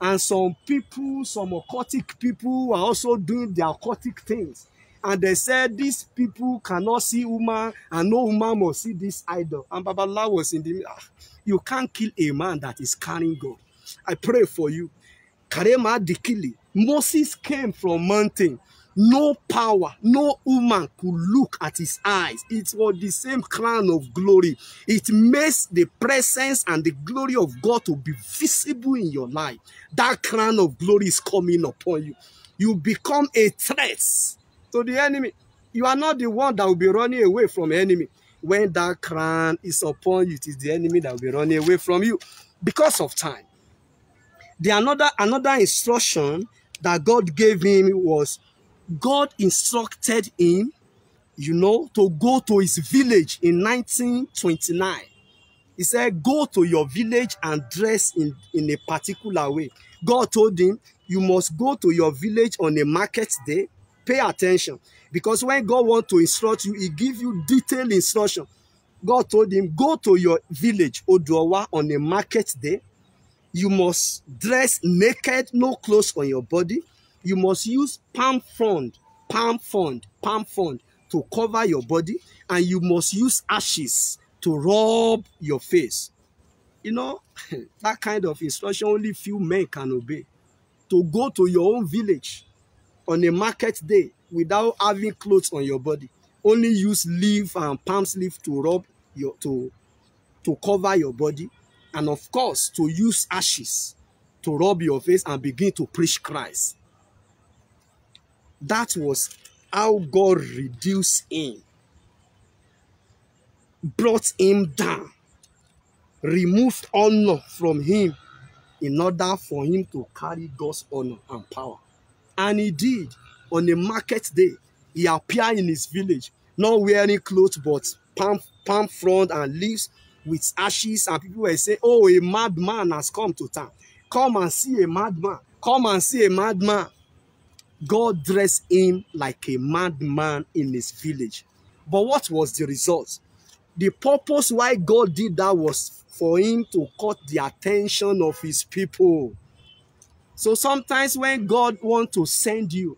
and some people some occultic people were also doing their occultic things and they said these people cannot see woman and no woman must see this idol and babalawo was in the ah, you can't kill a man that is carrying god i pray for you karema adikili moses came from mountain No power, no woman could look at his eyes. It was the same crown of glory. It makes the presence and the glory of God to be visible in your life. That crown of glory is coming upon you. You become a threat to the enemy. You are not the one that will be running away from enemy. When that crown is upon you, it is the enemy that will be running away from you because of time. The another another instruction that God gave him was God instructed him, you know, to go to his village in 1929. He said, go to your village and dress in, in a particular way. God told him, you must go to your village on a market day. Pay attention. Because when God wants to instruct you, he gives you detailed instruction. God told him, go to your village, Odoawa, on a market day. You must dress naked, no clothes on your body. you must use palm frond palm frond palm frond to cover your body and you must use ashes to rub your face you know that kind of instruction only few men can obey to go to your own village on a market day without having clothes on your body only use leaf and palm leaf to rub your to to cover your body and of course to use ashes to rub your face and begin to preach christ That was how God reduced him, brought him down, removed honor from him in order for him to carry God's honor and power. And he did. On a market day, he appeared in his village, not wearing clothes but palm, palm frond and leaves with ashes. And people were saying, Oh, a madman has come to town. Come and see a madman. Come and see a madman. God dressed him like a madman in his village. But what was the result? The purpose why God did that was for him to cut the attention of his people. So sometimes when God wants to send you,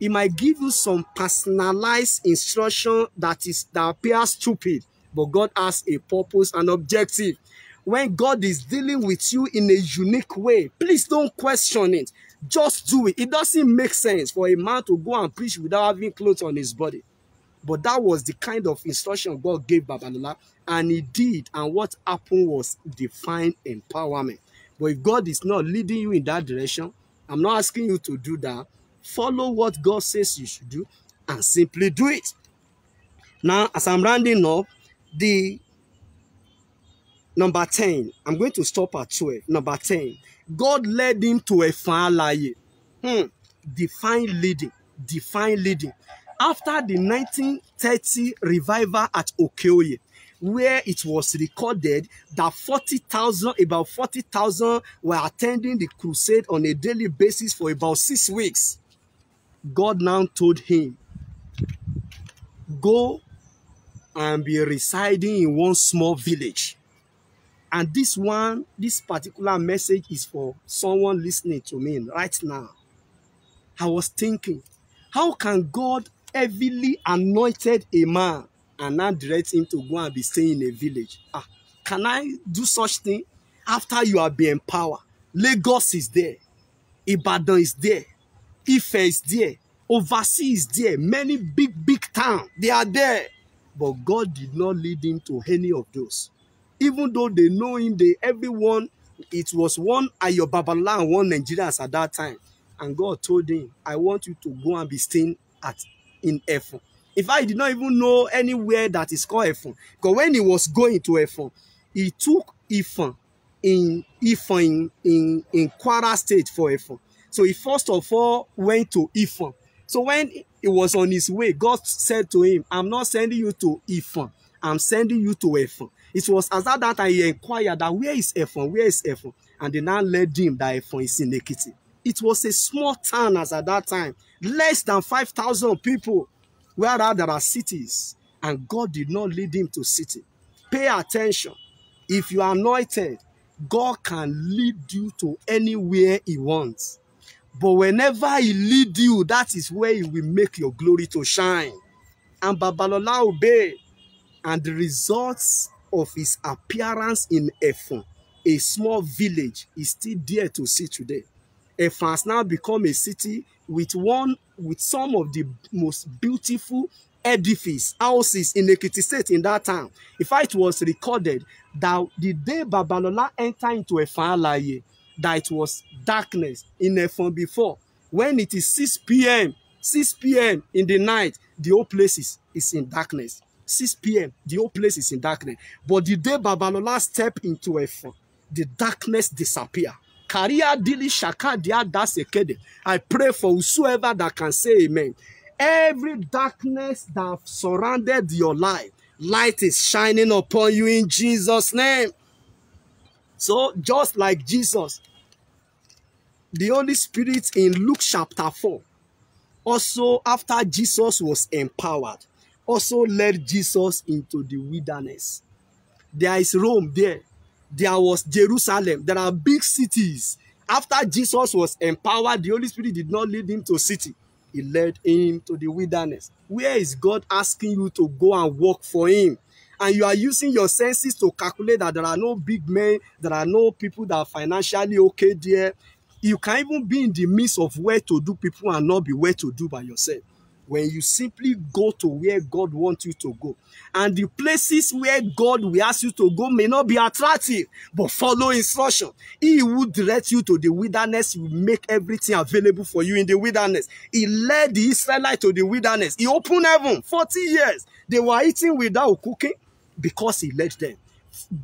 he might give you some personalized instruction that is that appears stupid, but God has a purpose and objective. When God is dealing with you in a unique way, please don't question it. Just do it. It doesn't make sense for a man to go and preach without having clothes on his body. But that was the kind of instruction God gave Babalola, and he did. And what happened was divine empowerment. But if God is not leading you in that direction, I'm not asking you to do that. Follow what God says you should do and simply do it. Now, as I'm rounding up, the number 10, I'm going to stop at 12. Number 10, God led him to a far lie. Hmm. Divine leading. Divine leading. After the 1930 revival at Okoye, where it was recorded that 40,000, about 40,000 were attending the crusade on a daily basis for about six weeks. God now told him, go and be residing in one small village And this one, this particular message is for someone listening to me right now. I was thinking, how can God heavily anointed a man and now direct him to go and be staying in a village? Ah, can I do such thing after you are being empowered? Lagos is there, Ibadan is there, Ife is there, overseas is there, many big, big towns, they are there. But God did not lead him to any of those even though they know him they everyone it was one Ayo Babala and one Nigerians at that time and God told him I want you to go and be staying at in Efon in fact he did not even know anywhere that is called Efon because when he was going to Efon he took Ifon in Ifon in in, in Kwara State for Efon so he first of all went to Ifon so when he was on his way God said to him I'm not sending you to Ifon I'm sending you to Efon It was as at that time he inquired that where is Ephon? Where is Ephon? And they now led him that Ephon is in Ekiti. It was a small town as at that time, less than five thousand people, where there are cities, and God did not lead him to city. Pay attention. If you are anointed, God can lead you to anywhere he wants. But whenever he lead you, that is where he will make your glory to shine. And Babalola obey, And the results of his appearance in Efon, a small village, is still there to see today. Efon has now become a city with one with some of the most beautiful edifice houses in Ekiti State in that town. In fact, it was recorded that the day Babalola entered into Efon Alaye, that it was darkness in Efon before. When it is 6 p.m., 6 p.m. in the night, the whole place is, is in darkness. 6 p.m., the whole place is in darkness. But the day Babalola step into a phone, the darkness disappear. Career dili shaka dia I pray for whosoever that can say amen. Every darkness that surrounded your life, light is shining upon you in Jesus' name. So just like Jesus, the Holy Spirit in Luke chapter 4, also after Jesus was empowered, also led Jesus into the wilderness. There is Rome there. There was Jerusalem. There are big cities. After Jesus was empowered, the Holy Spirit did not lead him to a city. He led him to the wilderness. Where is God asking you to go and work for him? And you are using your senses to calculate that there are no big men, there are no people that are financially okay there. You can even be in the midst of where to do people and not be where to do by yourself. when you simply go to where God wants you to go. And the places where God will ask you to go may not be attractive, but follow instruction. He will direct you to the wilderness, he will make everything available for you in the wilderness. He led the Israelites to the wilderness. He opened heaven 40 years. They were eating without cooking because he led them.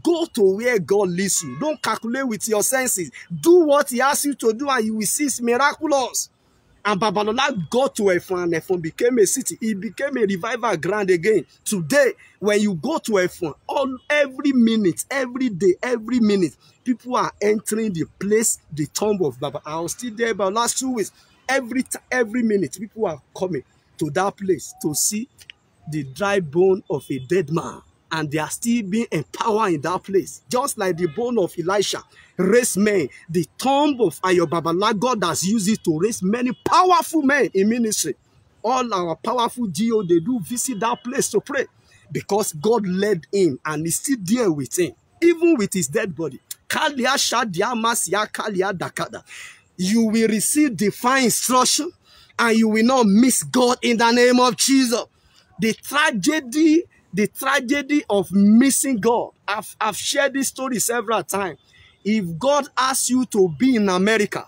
Go to where God leads you. Don't calculate with your senses. Do what he asks you to do and you will see it's miraculous. And Babalola got to Efon and Efon became a city. It became a revival ground again. Today, when you go to Efon, all every minute, every day, every minute, people are entering the place, the tomb of Baba. I was still there about last two weeks. Every every minute, people are coming to that place to see the dry bone of a dead man and they are still being empowered in that place. Just like the bone of Elisha raised men, the tomb of Ayobabala, God has used it to raise many powerful men in ministry. All our powerful Geo, they do visit that place to pray because God led him and is still there with him, even with his dead body. You will receive divine instruction and you will not miss God in the name of Jesus. The tragedy the tragedy of missing God. I've, I've shared this story several times. If God asks you to be in America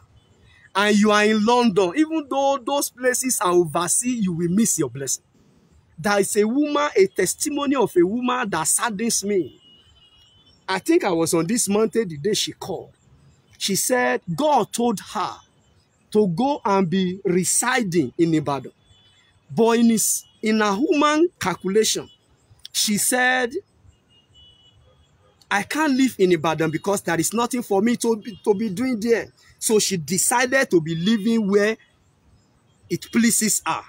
and you are in London, even though those places are overseas, you will miss your blessing. There is a woman, a testimony of a woman that saddens me. I think I was on this mountain the day she called. She said God told her to go and be residing in Ibadan. But in, his, in a human calculation, she said, I can't live in Ibadan because there is nothing for me to be, to be doing there. So she decided to be living where it pleases her.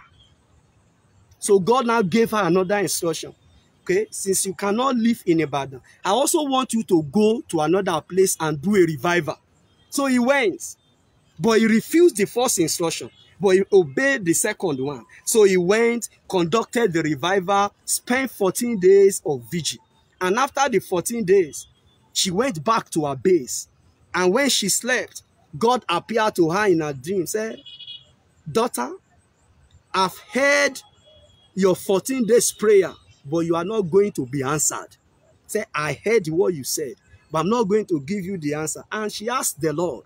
So God now gave her another instruction. Okay, since you cannot live in Ibadan, I also want you to go to another place and do a revival. So he went, but he refused the first instruction. but he obeyed the second one. So he went, conducted the revival, spent 14 days of vigil. And after the 14 days, she went back to her base. And when she slept, God appeared to her in her dream, said, Daughter, I've heard your 14 days prayer, but you are not going to be answered. Say, I heard what you said, but I'm not going to give you the answer. And she asked the Lord,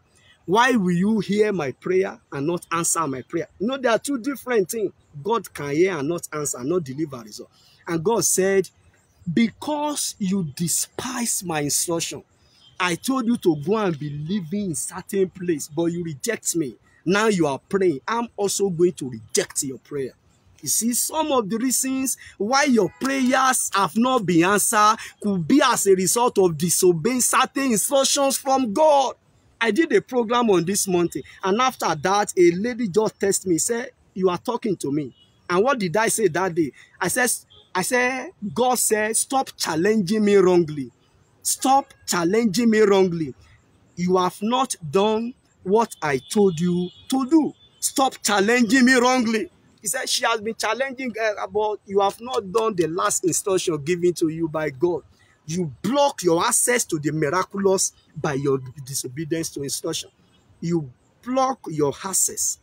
why will you hear my prayer and not answer my prayer? You know, there are two different things. God can hear and not answer, not deliver result. And God said, because you despise my instruction, I told you to go and be living in certain place, but you reject me. Now you are praying. I'm also going to reject your prayer. You see, some of the reasons why your prayers have not been answered could be as a result of disobeying certain instructions from God. I did a program on this mountain. And after that, a lady just texted me, said, you are talking to me. And what did I say that day? I said, I said, God said, stop challenging me wrongly. Stop challenging me wrongly. You have not done what I told you to do. Stop challenging me wrongly. He said, she has been challenging about eh, but you have not done the last instruction given to you by God you block your access to the miraculous by your disobedience to instruction. You block your access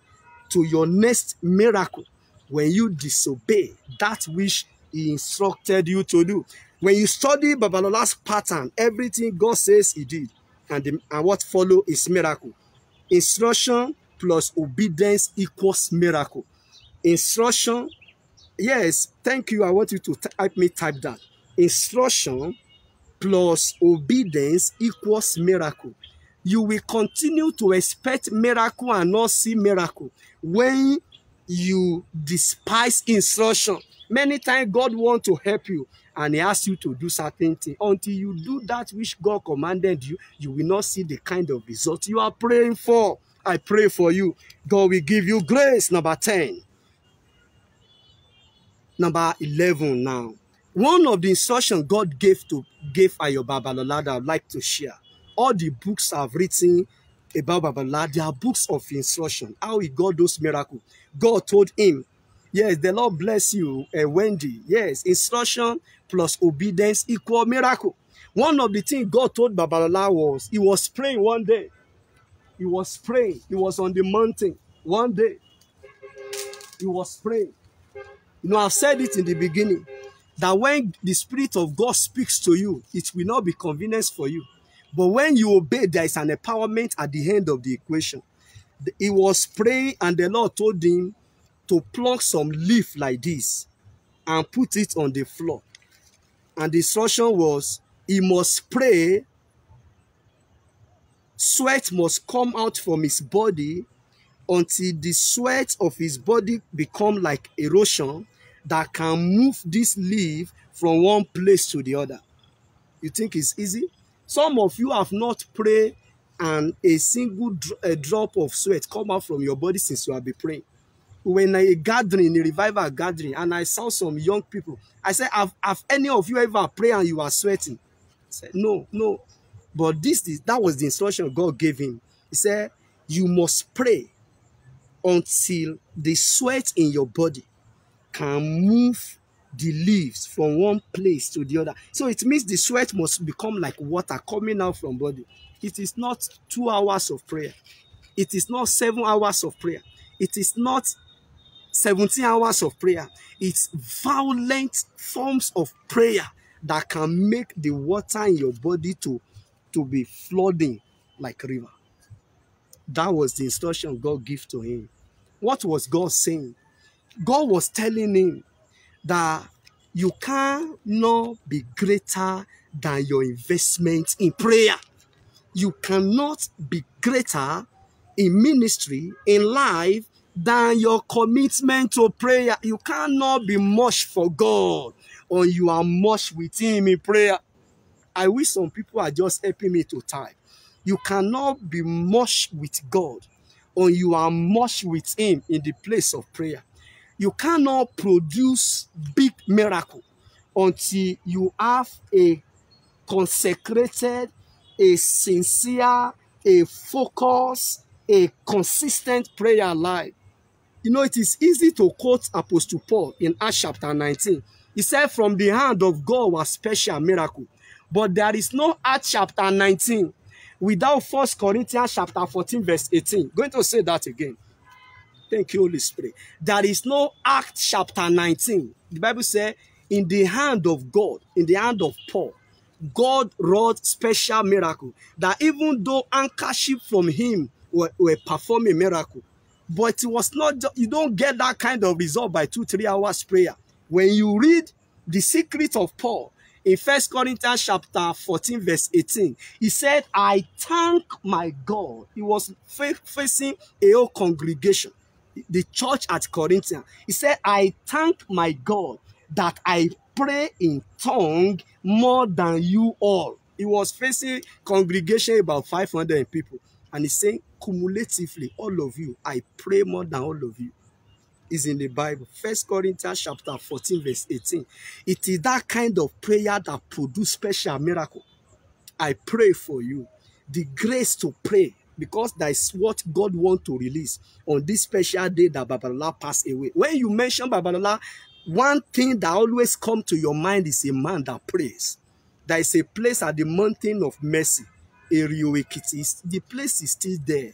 to your next miracle when you disobey that which he instructed you to do. When you study Babalola's pattern, everything God says he did, and, the, and what follow is miracle. Instruction plus obedience equals miracle. Instruction, yes, thank you. I want you to type me type that. Instruction plus obedience equals miracle. You will continue to expect miracle and not see miracle when you despise instruction. Many times God wants to help you and he asks you to do certain things. Until you do that which God commanded you, you will not see the kind of result you are praying for. I pray for you. God will give you grace. Number 10. Number 11 now. One of the instructions God gave to gave Ayoba Babalola that I'd like to share. All the books I've written about Babalola, they are books of instruction. How he got those miracles. God told him, yes, the Lord bless you, uh, Wendy. Yes, instruction plus obedience equal miracle. One of the things God told Babalola was, he was praying one day. He was praying. He was on the mountain one day. He was praying. You know, I've said it in the beginning. that when the Spirit of God speaks to you, it will not be convenience for you. But when you obey, there is an empowerment at the end of the equation. He was praying and the Lord told him to pluck some leaf like this and put it on the floor. And the instruction was, he must pray, sweat must come out from his body until the sweat of his body become like erosion that can move this leaf from one place to the other. You think it's easy? Some of you have not prayed and a single a drop of sweat come out from your body since you have been praying. When I gathering, a revival gathering, and I saw some young people, I said, have, have any of you ever prayed and you are sweating? I said, no, no. But this, this, that was the instruction God gave him. He said, you must pray until the sweat in your body can move the leaves from one place to the other. So it means the sweat must become like water coming out from body. It is not two hours of prayer. It is not seven hours of prayer. It is not 17 hours of prayer. It's violent forms of prayer that can make the water in your body to, to be flooding like river. That was the instruction God gave to him. What was God saying? God was telling him that you cannot be greater than your investment in prayer. You cannot be greater in ministry, in life, than your commitment to prayer. You cannot be much for God or you are much with Him in prayer. I wish some people are just helping me to type. You cannot be much with God or you are much with Him in the place of prayer. You cannot produce big miracle until you have a consecrated, a sincere, a focused, a consistent prayer life. You know, it is easy to quote Apostle Paul in Acts chapter 19. He said, From the hand of God was special miracle. But there is no Acts chapter 19 without First Corinthians chapter 14, verse 18. I'm going to say that again. Thank you, Holy Spirit. There is no Act chapter 19. The Bible says, in the hand of God, in the hand of Paul, God wrought special miracle that even though handkerchief from him were, were performing miracle, but it was not, you don't get that kind of result by two, three hours prayer. When you read the secret of Paul in First Corinthians chapter 14, verse 18, he said, I thank my God. He was facing a whole congregation the church at Corinthians. He said, I thank my God that I pray in tongue more than you all. He was facing congregation about 500 people. And he's saying, cumulatively, all of you, I pray more than all of you. Is in the Bible. First Corinthians chapter 14, verse 18. It is that kind of prayer that produces special miracle. I pray for you. The grace to pray because that is what God wants to release on this special day that Babalola passed away. When you mention Babalola, one thing that always comes to your mind is a man that prays. There is a place at the mountain of mercy, Erioekiti. The place is still there.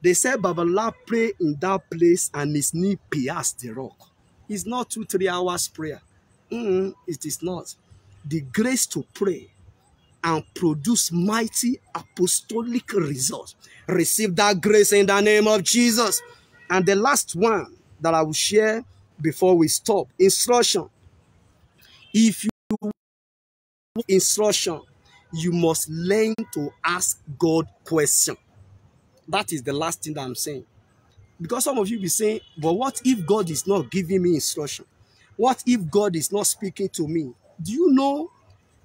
They said Babalola pray in that place and his knee pierced the rock. It's not two, three hours prayer. Mm -mm, it is not. The grace to pray and produce mighty apostolic results. Receive that grace in the name of Jesus. And the last one that I will share before we stop instruction. If you instruction, you must learn to ask God question. That is the last thing that I'm saying. Because some of you be saying, but what if God is not giving me instruction? What if God is not speaking to me? Do you know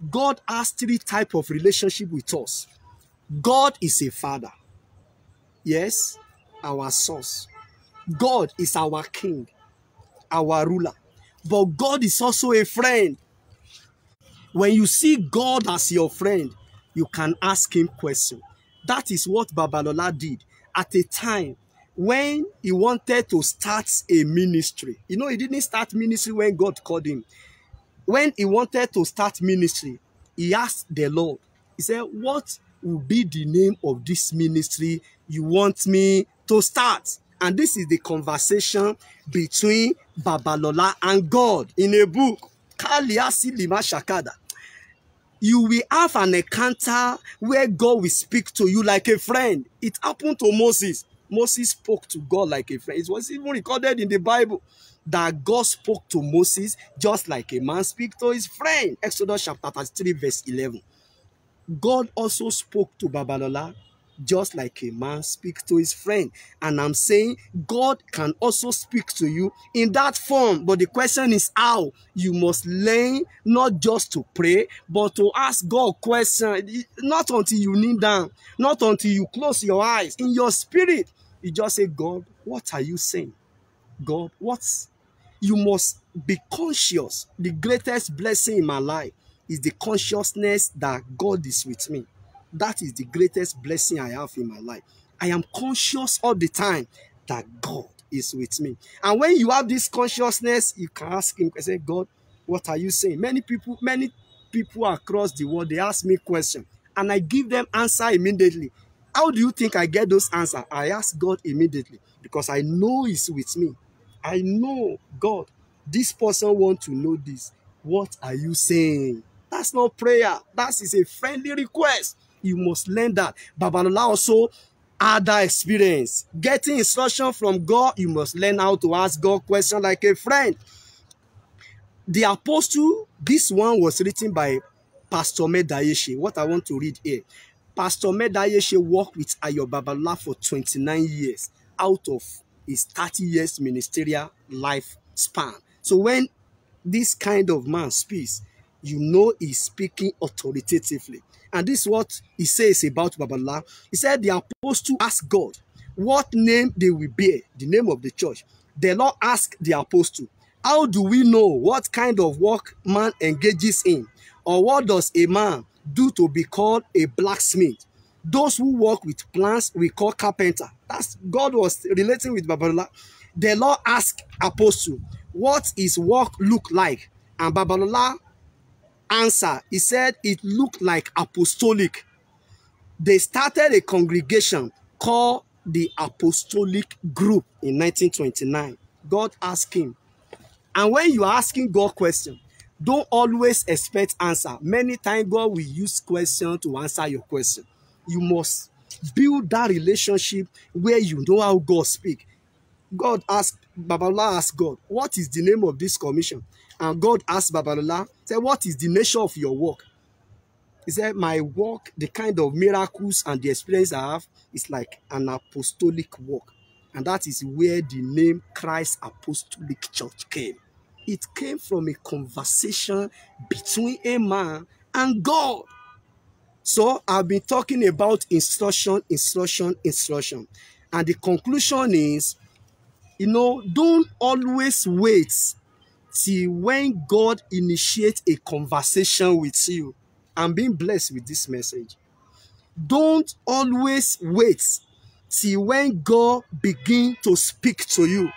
God has three type of relationship with us. God is a father. Yes, our source. God is our king, our ruler. But God is also a friend. When you see God as your friend, you can ask him questions. That is what Babalola did at a time when he wanted to start a ministry. You know, he didn't start ministry when God called him when he wanted to start ministry, he asked the Lord, he said, What will be the name of this ministry you want me to start? And this is the conversation between Babalola and God in a book, Kaliasi Lima Shakada. You will have an encounter where God will speak to you like a friend. It happened to Moses. Moses spoke to God like a friend. It was even recorded in the Bible that God spoke to Moses just like a man speak to his friend. Exodus chapter 33, verse 11. God also spoke to Babalola just like a man speak to his friend. And I'm saying God can also speak to you in that form. But the question is how? You must learn not just to pray, but to ask God questions. Not until you kneel down, not until you close your eyes. In your spirit, you just say, God, what are you saying? God, what's you must be conscious. The greatest blessing in my life is the consciousness that God is with me. That is the greatest blessing I have in my life. I am conscious all the time that God is with me. And when you have this consciousness, you can ask him, I say, God, what are you saying? Many people, many people across the world, they ask me questions and I give them answer immediately. How do you think I get those answers? I ask God immediately because I know he's with me. I know, God, this person wants to know this. What are you saying? That's not prayer. That is a friendly request. You must learn that. Babalola also had that experience. Getting instruction from God, you must learn how to ask God questions like a friend. The apostle, this one was written by Pastor Medayeshe. What I want to read here. Pastor Medayeshe worked with Ayo Babalola for 29 years out of is 30 years ministerial life span. So when this kind of man speaks, you know he's speaking authoritatively. And this is what he says about Babala. He said the to ask God what name they will bear, the name of the church. The Lord asked the apostle, how do we know what kind of work man engages in? Or what does a man do to be called a blacksmith? Those who work with plants, we call carpenter. That's God was relating with Babalola. The Lord asked apostle, "What is work look like? And Babalola answer, he said, it looked like apostolic. They started a congregation called the Apostolic Group in 1929. God asked him. And when you are asking God question, don't always expect answer. Many times God will use question to answer your question you must build that relationship where you know how God speak. God asked, Babalola asked God, what is the name of this commission? And God asked Babalola, "Say, what is the nature of your work? He said, my work, the kind of miracles and the experience I have is like an apostolic work. And that is where the name Christ Apostolic Church came. It came from a conversation between a man and God. So I've been talking about instruction, instruction, instruction. And the conclusion is, you know, don't always wait till when God initiates a conversation with you. I'm being blessed with this message. Don't always wait till when God begin to speak to you.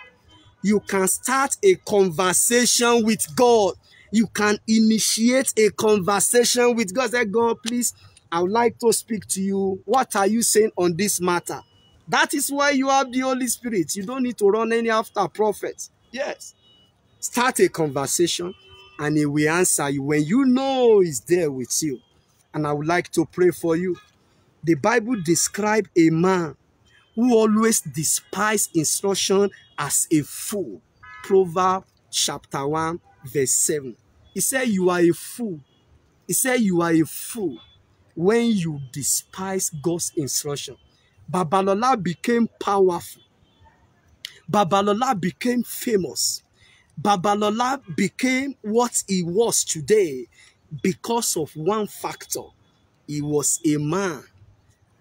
You can start a conversation with God. You can initiate a conversation with God. Say, God, please I would like to speak to you. What are you saying on this matter? That is why you have the Holy Spirit. You don't need to run any after prophets. Yes. Start a conversation and he will answer you when you know he's there with you. And I would like to pray for you. The Bible describes a man who always despised instruction as a fool. Proverbs chapter 1 verse 7. He said, you are a fool. He said, you are a fool when you despise God's instruction. Babalola became powerful. Babalola became famous. Babalola became what he was today because of one factor. He was a man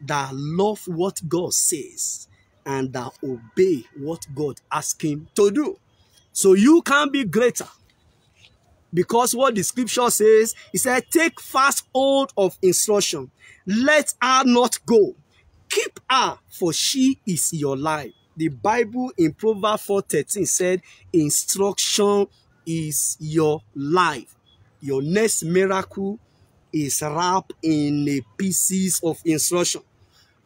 that loved what God says and that obey what God asked him to do. So you can be greater Because what the scripture says, it said, Take fast hold of instruction. Let her not go. Keep her, for she is your life. The Bible in Proverbs 4.13 said, Instruction is your life. Your next miracle is wrapped in a pieces of instruction.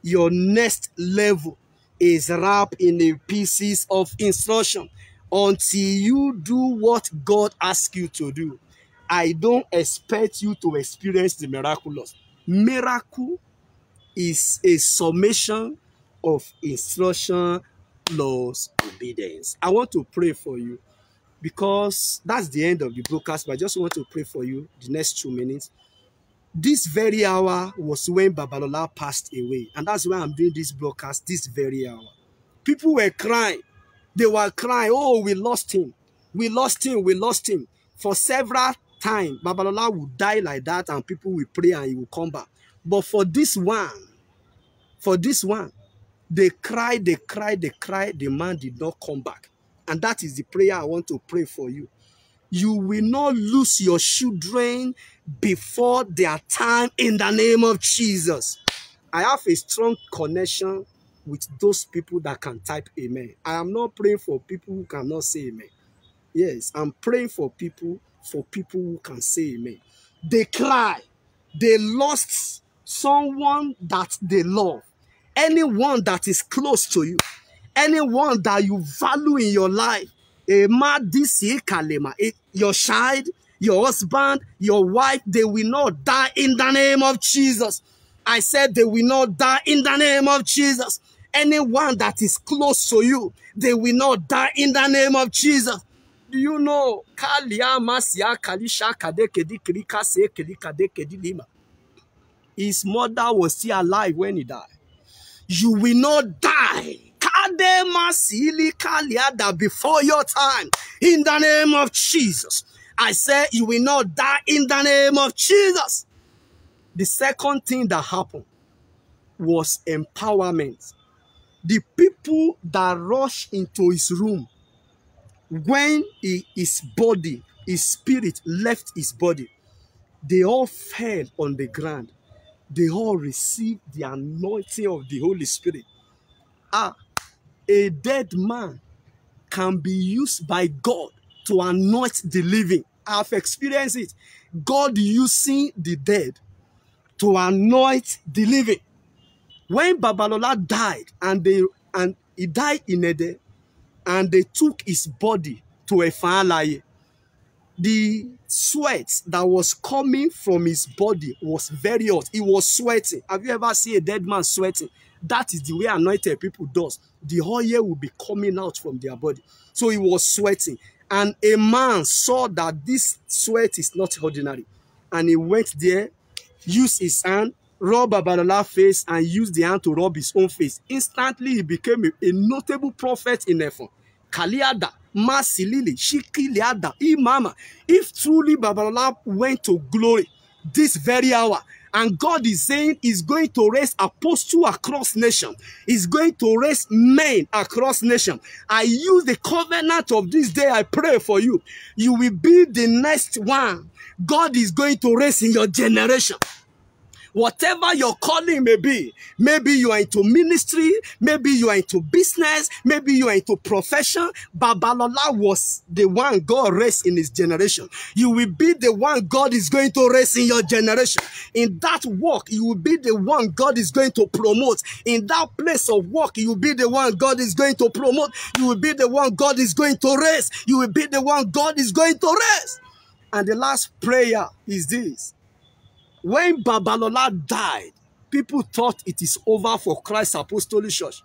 Your next level is wrapped in a pieces of instruction. until you do what God asks you to do. I don't expect you to experience the miraculous. Miracle is a summation of instruction plus obedience. I want to pray for you because that's the end of the broadcast, but I just want to pray for you the next two minutes. This very hour was when Babalola passed away, and that's why I'm doing this broadcast this very hour. People were crying they were crying, oh, we lost him. We lost him. We lost him. For several times, Babalola will die like that and people will pray and he will come back. But for this one, for this one, they cried, they cried, they cried. The man did not come back. And that is the prayer I want to pray for you. You will not lose your children before their time in the name of Jesus. I have a strong connection with those people that can type amen. I am not praying for people who cannot say amen. Yes, I'm praying for people, for people who can say amen. They cry. They lost someone that they love. Anyone that is close to you. Anyone that you value in your life. Eh, your child, your husband, your wife, they will not die in the name of Jesus. I said they will not die in the name of Jesus anyone that is close to you, they will not die in the name of Jesus. Do you know? His mother was still alive when he died. You will not die. Before your time, in the name of Jesus. I say you will not die in the name of Jesus. The second thing that happened was empowerment the people that rush into his room when he, his body, his spirit left his body, they all fell on the ground. They all received the anointing of the Holy Spirit. Ah, a dead man can be used by God to anoint the living. I've experienced it. God using the dead to anoint the living. When Babalola died and they and he died in Ede, and they took his body to Efanlaye, the sweat that was coming from his body was very hot. He was sweating. Have you ever seen a dead man sweating? That is the way anointed people does. The oil will be coming out from their body. So he was sweating. And a man saw that this sweat is not ordinary. And he went there, used his hand, rub Babalola's face and use the hand to rub his own face. Instantly, he became a, a notable prophet in Efon. Kaliada, Masilili, Shikiliada, Imama. If truly Babalola went to glory this very hour, and God is saying he's going to raise apostles across nation. He's going to raise men across nation. I use the covenant of this day. I pray for you. You will be the next one God is going to raise in your generation. Whatever your calling may be, maybe you are into ministry, maybe you are into business, maybe you are into profession. Babalola was the one God raised in his generation. You will be the one God is going to raise in your generation. In that work, you will be the one God is going to promote. In that place of work, you will be the one God is going to promote. You will be the one God is going to raise. You will be the one God is going to raise. And the last prayer is this when Babalola died, people thought it is over for Christ's apostolic church.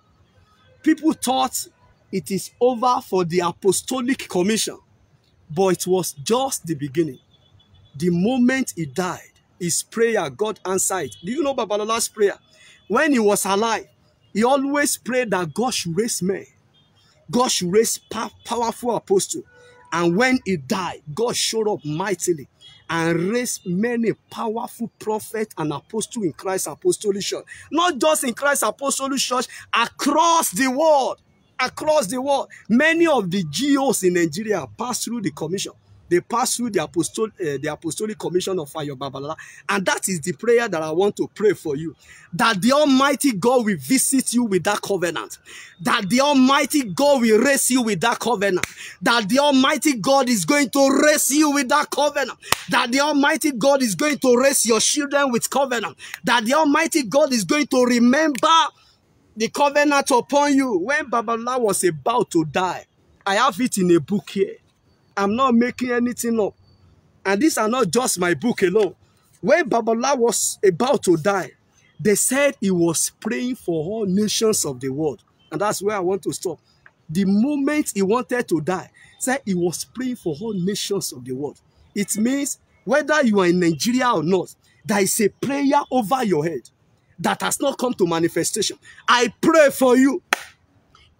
People thought it is over for the apostolic commission. But it was just the beginning. The moment he died, his prayer, God answered Do you know Babalola's prayer? When he was alive, he always prayed that God should raise men. God should raise powerful apostle. And when he died, God showed up mightily and raise many powerful prophets and apostles in Christ's apostolic church. Not just in Christ's apostolic church, across the world. Across the world. Many of the GOs in Nigeria passed through the commission. They pass through the, apostol uh, the apostolic commission of fire, Babalala. And that is the prayer that I want to pray for you. That the Almighty God will visit you with that covenant. That the Almighty God will raise you with that covenant. That the Almighty God is going to raise you with that covenant. That the Almighty God is going to raise your children with covenant. That the Almighty God is going to remember the covenant upon you. When Babala was about to die, I have it in a book here. I'm not making anything up. And these are not just my book alone. When Babala was about to die, they said he was praying for all nations of the world. And that's where I want to stop. The moment he wanted to die, said he was praying for all nations of the world. It means whether you are in Nigeria or not, there is a prayer over your head that has not come to manifestation. I pray for you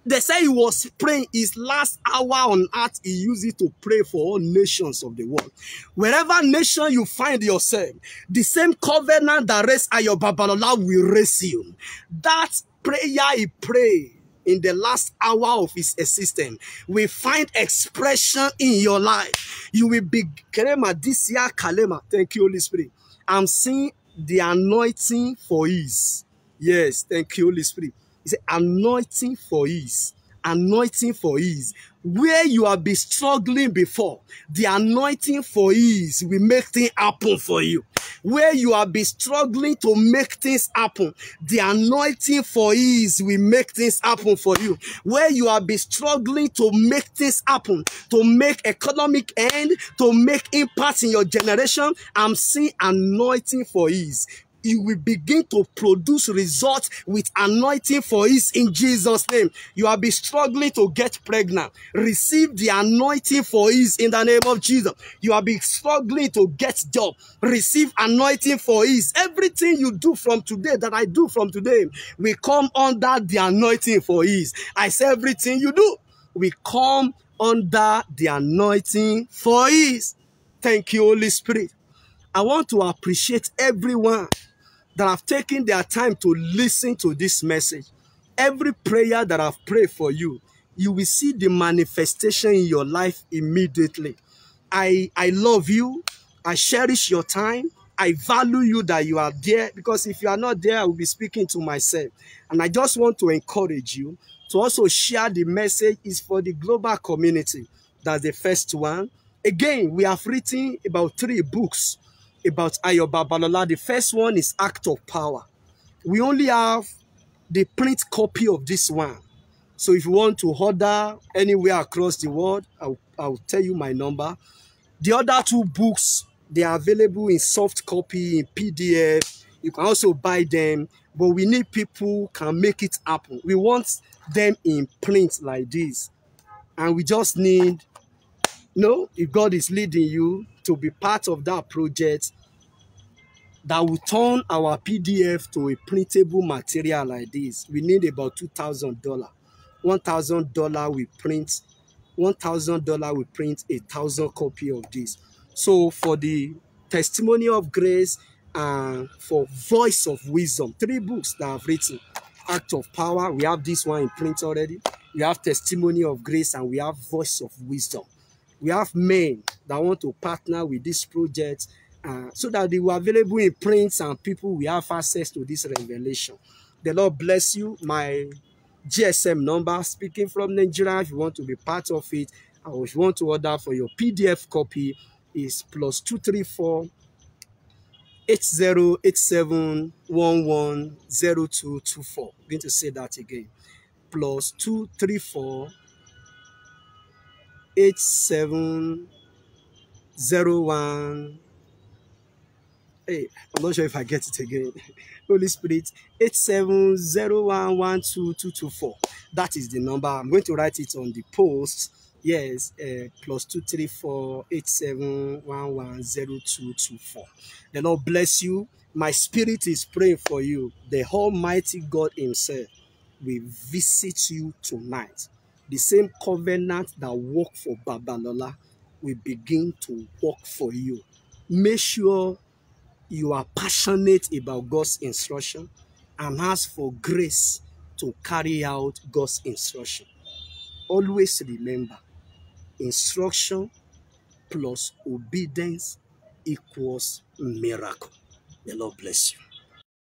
They say he was praying his last hour on earth, he used it to pray for all nations of the world. Wherever nation you find yourself, the same covenant that raised Ayo Babalola will raise you. That prayer he prayed in the last hour of his existence will find expression in your life. You will be Kalema this year, Kalema. Thank you, Holy Spirit. I'm seeing the anointing for ease. Yes, thank you, Holy Spirit. He said, anointing for ease. Anointing for ease. Where you have been struggling before, the anointing for ease will make things happen for you. Where you have been struggling to make things happen, the anointing for ease will make things happen for you. Where you have been struggling to make things happen, to make economic end, to make impact in your generation, I'm seeing anointing for ease. you will begin to produce results with anointing for it in Jesus' name. You have been struggling to get pregnant. Receive the anointing for it in the name of Jesus. You have been struggling to get job. Receive anointing for it. Everything you do from today that I do from today will come under the anointing for it. I say everything you do will come under the anointing for it. Thank you, Holy Spirit. I want to appreciate everyone that have taken their time to listen to this message, every prayer that I've prayed for you, you will see the manifestation in your life immediately. I, I love you. I cherish your time. I value you that you are there because if you are not there, I will be speaking to myself. And I just want to encourage you to also share the message is for the global community. That's the first one. Again, we have written about three books about Ayo Babalola. The first one is Act of Power. We only have the print copy of this one. So if you want to order anywhere across the world, I'll, I'll tell you my number. The other two books, they are available in soft copy, in PDF. You can also buy them. But we need people can make it happen. We want them in print like this. And we just need No, if God is leading you to be part of that project that will turn our PDF to a printable material like this, we need about $2,000. $1,000 we print $1,000 we print a thousand copy of this. So for the testimony of grace and for voice of wisdom, three books that I've written, Act of Power, we have this one in print already. We have testimony of grace and we have voice of wisdom. we have men that want to partner with this project uh, so that they were available in prints and people We have access to this revelation. The Lord bless you. My GSM number speaking from Nigeria. If you want to be part of it, or if you want to order for your PDF copy, is plus two three four eight zero eight seven one one zero two two four. I'm going to say that again. Plus two three four eight seven zero one. Hey, I'm not sure if I get it again. Holy Spirit, eight seven zero one one two two two four. That is the number. I'm going to write it on the post. Yes, uh, plus two three four eight seven one one zero two two four. The Lord bless you. My spirit is praying for you. The Almighty God Himself will visit you tonight. the same covenant that worked for Babalola will begin to work for you. Make sure you are passionate about God's instruction and ask for grace to carry out God's instruction. Always remember, instruction plus obedience equals miracle. The Lord bless you.